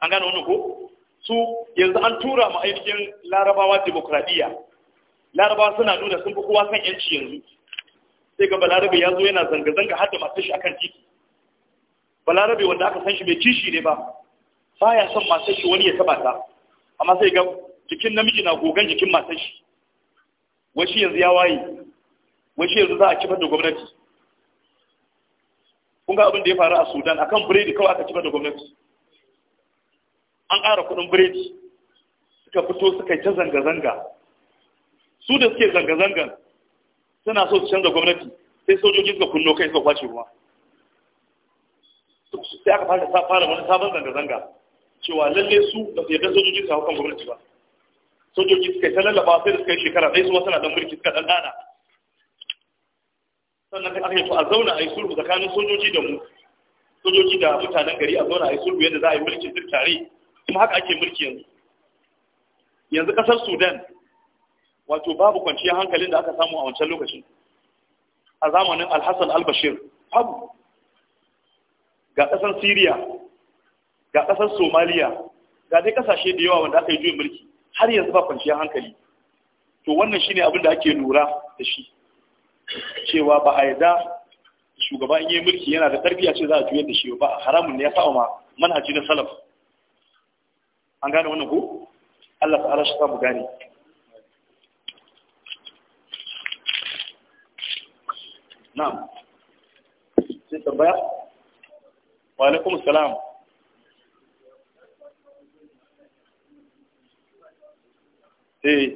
an gane wani ko su yanzu an tura mu ainihin larabawa demokradiyya larabawa suna nuna sun fi kowa kan yanci yanzu sai ga balarabe ya zo yana zanga-zanga har da matar akan titi balarabe wanda aka san shi mai kishi ne ba baya son matar wani ya taba ta amma sai ga jikin namiji na gogan jikin matar shi yanzu ya waye wai yanzu za a kifar da gwamnati kun ga abin da ya faru a sudan akan biredi kawai aka kifar da gwamnati an ƙara kuɗin biredi suka fito suka yi ta zanga-zanga su da suke zanga zanga suna so su canza gwamnati sai sojoji suka kunno kai suka kwace ruwa sai aka fara fara wani sabon zanga-zanga cewa lalle su da su yadda sojoji su hau kan gwamnati ba sojoji suka yi ta lallaba sai da suka yi shekara ɗaya su ma suna dan mulki suka dan dana sannan kai aka yi to a zauna a yi sulhu tsakanin sojoji da mu sojoji da mutanen gari a zauna a yi sulhu yadda za a yi mulki duk tare kuma haka ake mulki yanzu yanzu ƙasar sudan wato babu kwanciyar hankalin da aka samu a wancan lokacin a zamanin alhassan albashir babu ga ƙasar siriya ga ƙasar somaliya ga dai ƙasashe da yawa wanda aka yi juyin mulki har yanzu ba kwanciyar hankali to wannan shine abin da ake lura da shi cewa ba a yarda shugaba in yi mulki yana da ƙarfi a ce za a juyar da shi ba haramun ne ya sa ma manhaji na salaf an gane wannan ko Allah ta'ala shi ta mu gane na'am sai tambaya wa alaikum salam eh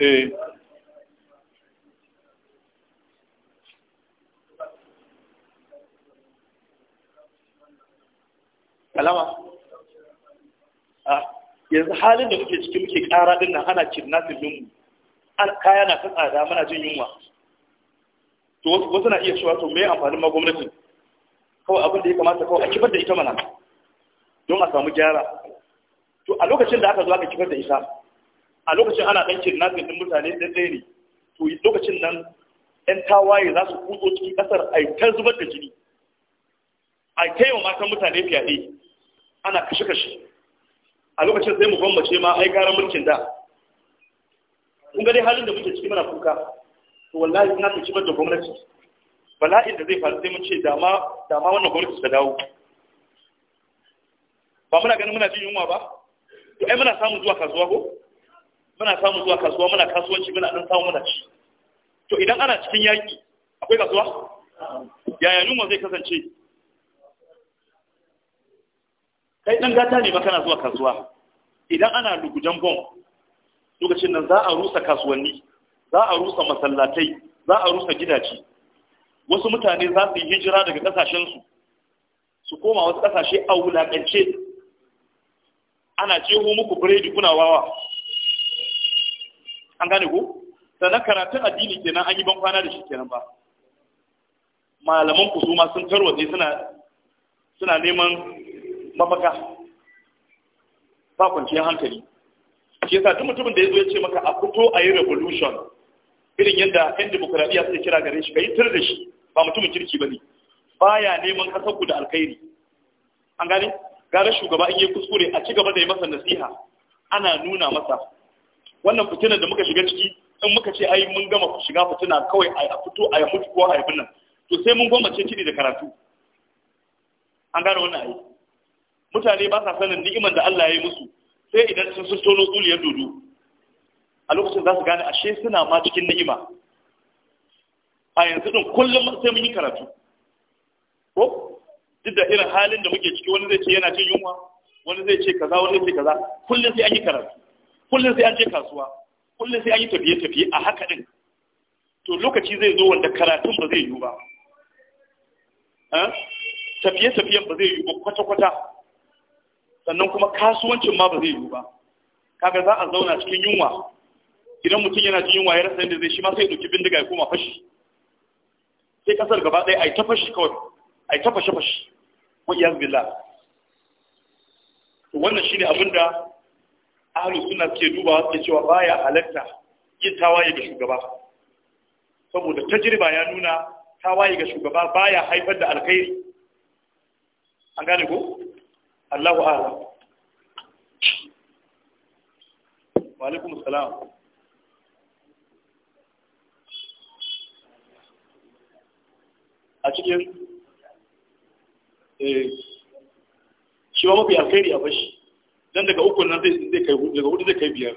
eh yanzu halin da muke ciki muke ƙara din nan ana kidnapping din mu kaya na ta tsada muna jin yunwa to wasu na iya cewa to me amfanin ma gwamnati kawai abin da ya kamata kawai a kifar da ita mana don a samu gyara to a lokacin da aka zo aka kifar da ita a lokacin ana dan kidnapping din mutane ɗaya ne to lokacin nan 'yan tawaye za su kutso cikin ƙasar a ta zubar da jini a ta yi wa matan mutane fyaɗe ana kashe-kashe a lokacin sai mu gwammace ma ai gara mulkin da kun ga dai halin da muke ciki muna kuka to wallahi ina ta cibar da gwamnati bala'in da zai faru sai mun ce dama dama wannan gwamnati ta dawo ba muna ganin muna jin yunwa ba to ai muna samun zuwa kasuwa ko muna samun zuwa kasuwa muna kasuwanci muna dan samu muna ci to idan ana cikin yaki akwai kasuwa yaya yunwa zai kasance kai ɗan gata ne makana kana zuwa kasuwa idan ana lugujan bom lokacin nan za a rusa kasuwanni za a rusa masallatai za a rusa gidaje wasu mutane za su yi hijira daga ƙasashensu. su koma wasu kasashe a wulaƙance ana jeho muku biredi kuna wawa an gane ku sannan karatun addini kenan an yi ban kwana da shi kenan ba malaman ku su ma sun tarwatse suna suna neman mafaka ba kwanciyar hankali shi yasa duk mutumin da ya zo ya ce maka a fito a yi revolution irin yadda yan demokuraɗiyya suke kira gare shi ka yi tur da shi ba mutumin kirki ba ne baya neman kasar da alkhairi an gane gara shugaba in yi kuskure a ci gaba da yi masa nasiha ana nuna masa wannan fitinar da muka shiga ciki in muka ce ai mun gama ku shiga fitina kawai a fito a yi mutu ko a yi nan to sai mun gwamace cini da karatu an gane wannan ayi mutane ba sa sanin ni'imar da Allah ya yi musu sai idan sun sun tono tsuliyar dodo a lokacin za su gane ashe suna ma cikin ni'ima a yanzu din kullum sai mun yi karatu ko duk da irin halin da muke ciki wani zai ce yana cin yunwa wani zai ce kaza wani zai ce kaza kullum sai an yi karatu kullum sai an je kasuwa kullum sai an yi tafiye-tafiye a haka din to lokaci zai zo wanda karatun ba zai yiwu ba tafiye-tafiyen ba zai yi ba kwata-kwata sannan kuma kasuwancin ma ba zai yiwu ba kaga za a zauna cikin yunwa idan mutum yana jin yunwa ya rasa yadda zai shi ma sai ya dauki bindiga ya koma fashi sai kasar gaba ɗaya a yi ta fashi kawai a yi ta fashe fashi wa iyaz billah wannan shine abin da ahlus sunna suke dubawa suke cewa baya halatta yin tawaye ga shugaba saboda tajriba ya nuna tawaye ga shugaba baya haifar da alkhairi an gane ko Allahu ala. wa alaikum assalam a cikin eh, shi ba mafi alkhairi a bashi don daga uku nan zai kai daga hudu zai kai biyar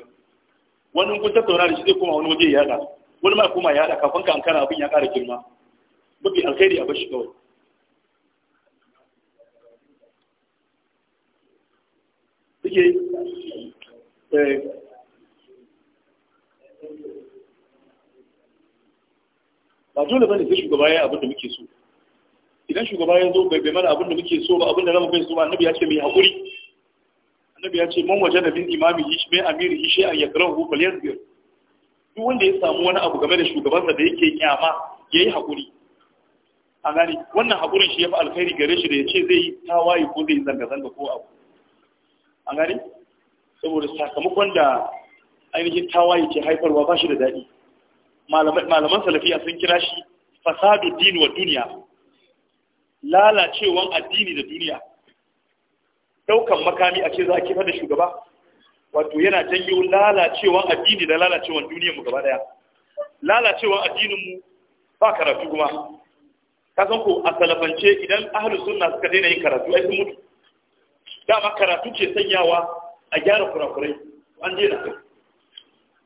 wani kun tattauna da shi zai koma wani waje ya yada wani ma koma ya yada kafin ka an kana abin ya kara girma mafi alkhairi a bashi kawai suke eh. ba dole ne sai shugaba ya abin da muke so idan shugaba ya zo bai mana abin da muke so ba abin da zama kai so ba annabi ya ce mai hakuri annabi ya ce man waje da bin imami shi mai amiri shi shi yakara hu fal yasbir duk wanda ya samu wani abu game da shugabansa da yake kyama yayi hakuri a gani wannan hakurin shi ya fi alkhairi gare shi da ya ce zai yi tawaye ko zai zanga zanga ko abu an gane saboda sakamakon da ainihin tawaye ke haifarwa ba shi da daɗi malaman salafiya sun kira shi fasadu dini wa duniya lalacewan addini da duniya daukan makami a ce za a kifar da shugaba wato yana janyo lalacewan addini da lalacewan mu gaba daya lalacewan addininmu ba karatu kuma kasan ko a salafance idan ahalus sunna suka daina yin karatu ai sun mutu dama karatu ke sanyawa a gyara kurakurai an daina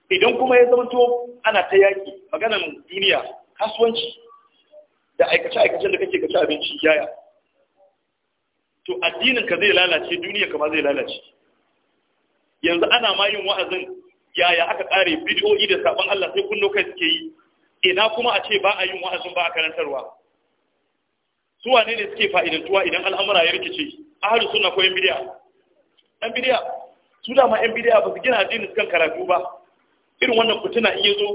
idan kuma ya zama ana ta yaƙi maganan duniya kasuwanci da aikace-aikacen da kake ka abinci yaya to addinin ka zai lalace duniya kama zai lalace yanzu ana ma yin wa'azin yaya aka kare bidiyoyi da sabon Allah sai kunno kai suke yi ina kuma a ce ba a yin wa'azin ba a karantarwa su wane ne suke fa'idantuwa idan al'amura ya rikice ahlus sunna ko yan bid'a yan bid'a su dama yan bid'a ba su gina addini kan karatu ba irin wannan fitina iya yazo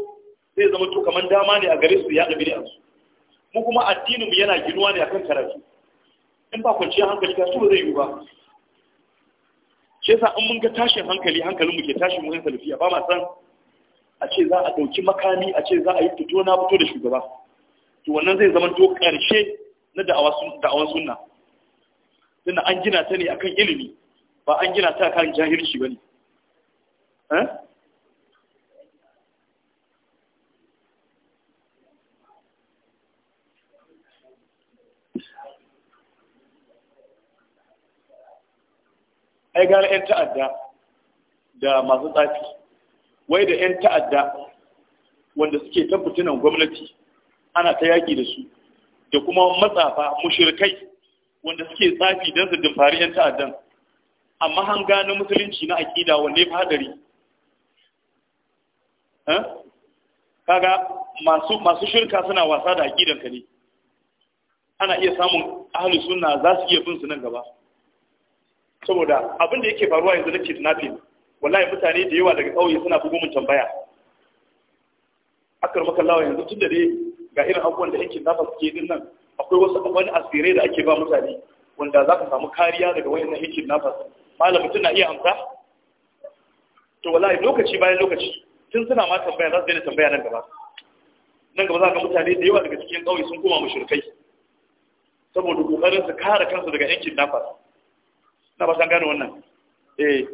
zai zama to kamar dama ne a gare su ya da bid'a su mu kuma addinin yana ginuwa ne akan karatu in ba kwanciyar hankali ka su zai yi ba shi yasa in mun ga tashin hankali hankalin mu ke tashin mu salafiya ba ma san a ce za a dauki makami a ce za a yi fito na fito da shugaba to wannan zai zama to karshe na da'awar sunna tunda an gina ta ne akan ilimi ba an gina ta kan jahilci ba ne eh? ai gara 'yan ta'adda da masu tsafi wai da 'yan ta'adda wanda suke tabbatunan gwamnati ana ta yaki da su da kuma matsafa mushirkai wanda suke tsafi don su dimfari 'yan ta'addan amma hanga na musulunci na aƙida wanne fi hadari eh? kaga masu masu shirka suna wasa da aƙidan ka ne ana iya samun ahlus sunna za su iya bin su nan gaba saboda abin da yake faruwa yanzu da kidnapping wallahi mutane da yawa daga ƙauye suna bugo mun tambaya akar makallawa yanzu tun da dai ga irin abubuwan da yankin nasa suke din nan akwai wasu wani asirai da ake ba mutane wanda za ka samu kariya daga wayannan yankin nasa malam mutum na iya amsa to wallahi lokaci bayan lokaci tun suna ma tambaya za su daina tambaya nan gaba nan gaba za ka mutane da yawa daga cikin ƙauye sun koma mushrikai saboda kokarin su kare kansu daga yankin nafas. na ba san gane wannan eh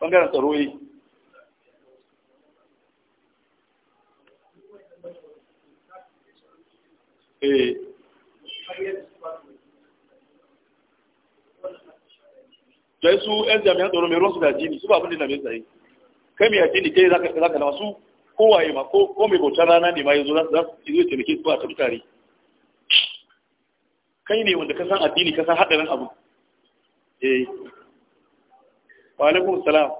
ɓangaren tsaro yi eh. eh yan jami'an tsaro mai ruwansu da su ba abin da na mai kai mai kai ko mai rana ne ma yanzu za su taimake su kai ne wanda ka san addini ka haɗarin abu eh wa alaikum salam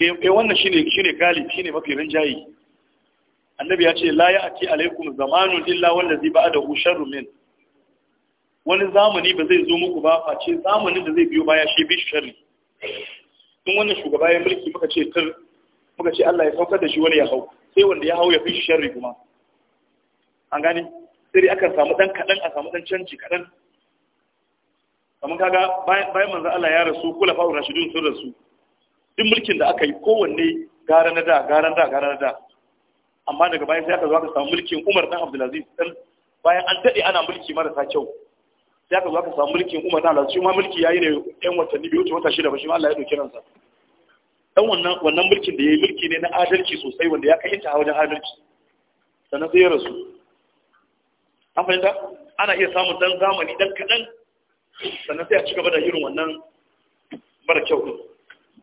E, wannan shine shine galibi shine mafi rinjayi annabi ya ce la ya'ti alaikum zamanun illa wallazi da sharrun min wani zamani ba zai zo muku ba face zamanin da zai biyo baya shi bi sharri Tun wannan shugaba ya mulki muka ce tur muka ce Allah ya saukar da shi wani ya hau sai wanda ya hau ya fi sharri kuma an gane sai akan samu dan kadan a samu dan canji kadan kamar kaga bayan manzo Allah ya rasu kula fa'ur rashidun sun rasu duk mulkin da aka yi kowanne gara na da gara na da gara na da amma daga bayan sai aka zo aka samu mulkin Umar dan Abdulaziz dan bayan an dade ana mulki marasa kyau sai aka zo aka samu mulkin Umar dan Abdulaziz shi ma mulki yayi ne ɗan watanni biyu wata shida ba shi ma Allah ya doke ransa dan wannan wannan mulkin da yayi mulki ne na adalci sosai wanda ya kai ta wajen adalci sannan sai ya rasu an fahimta ana iya samun dan zamani dan kaɗan sannan sai a ci gaba da irin wannan mara kyau din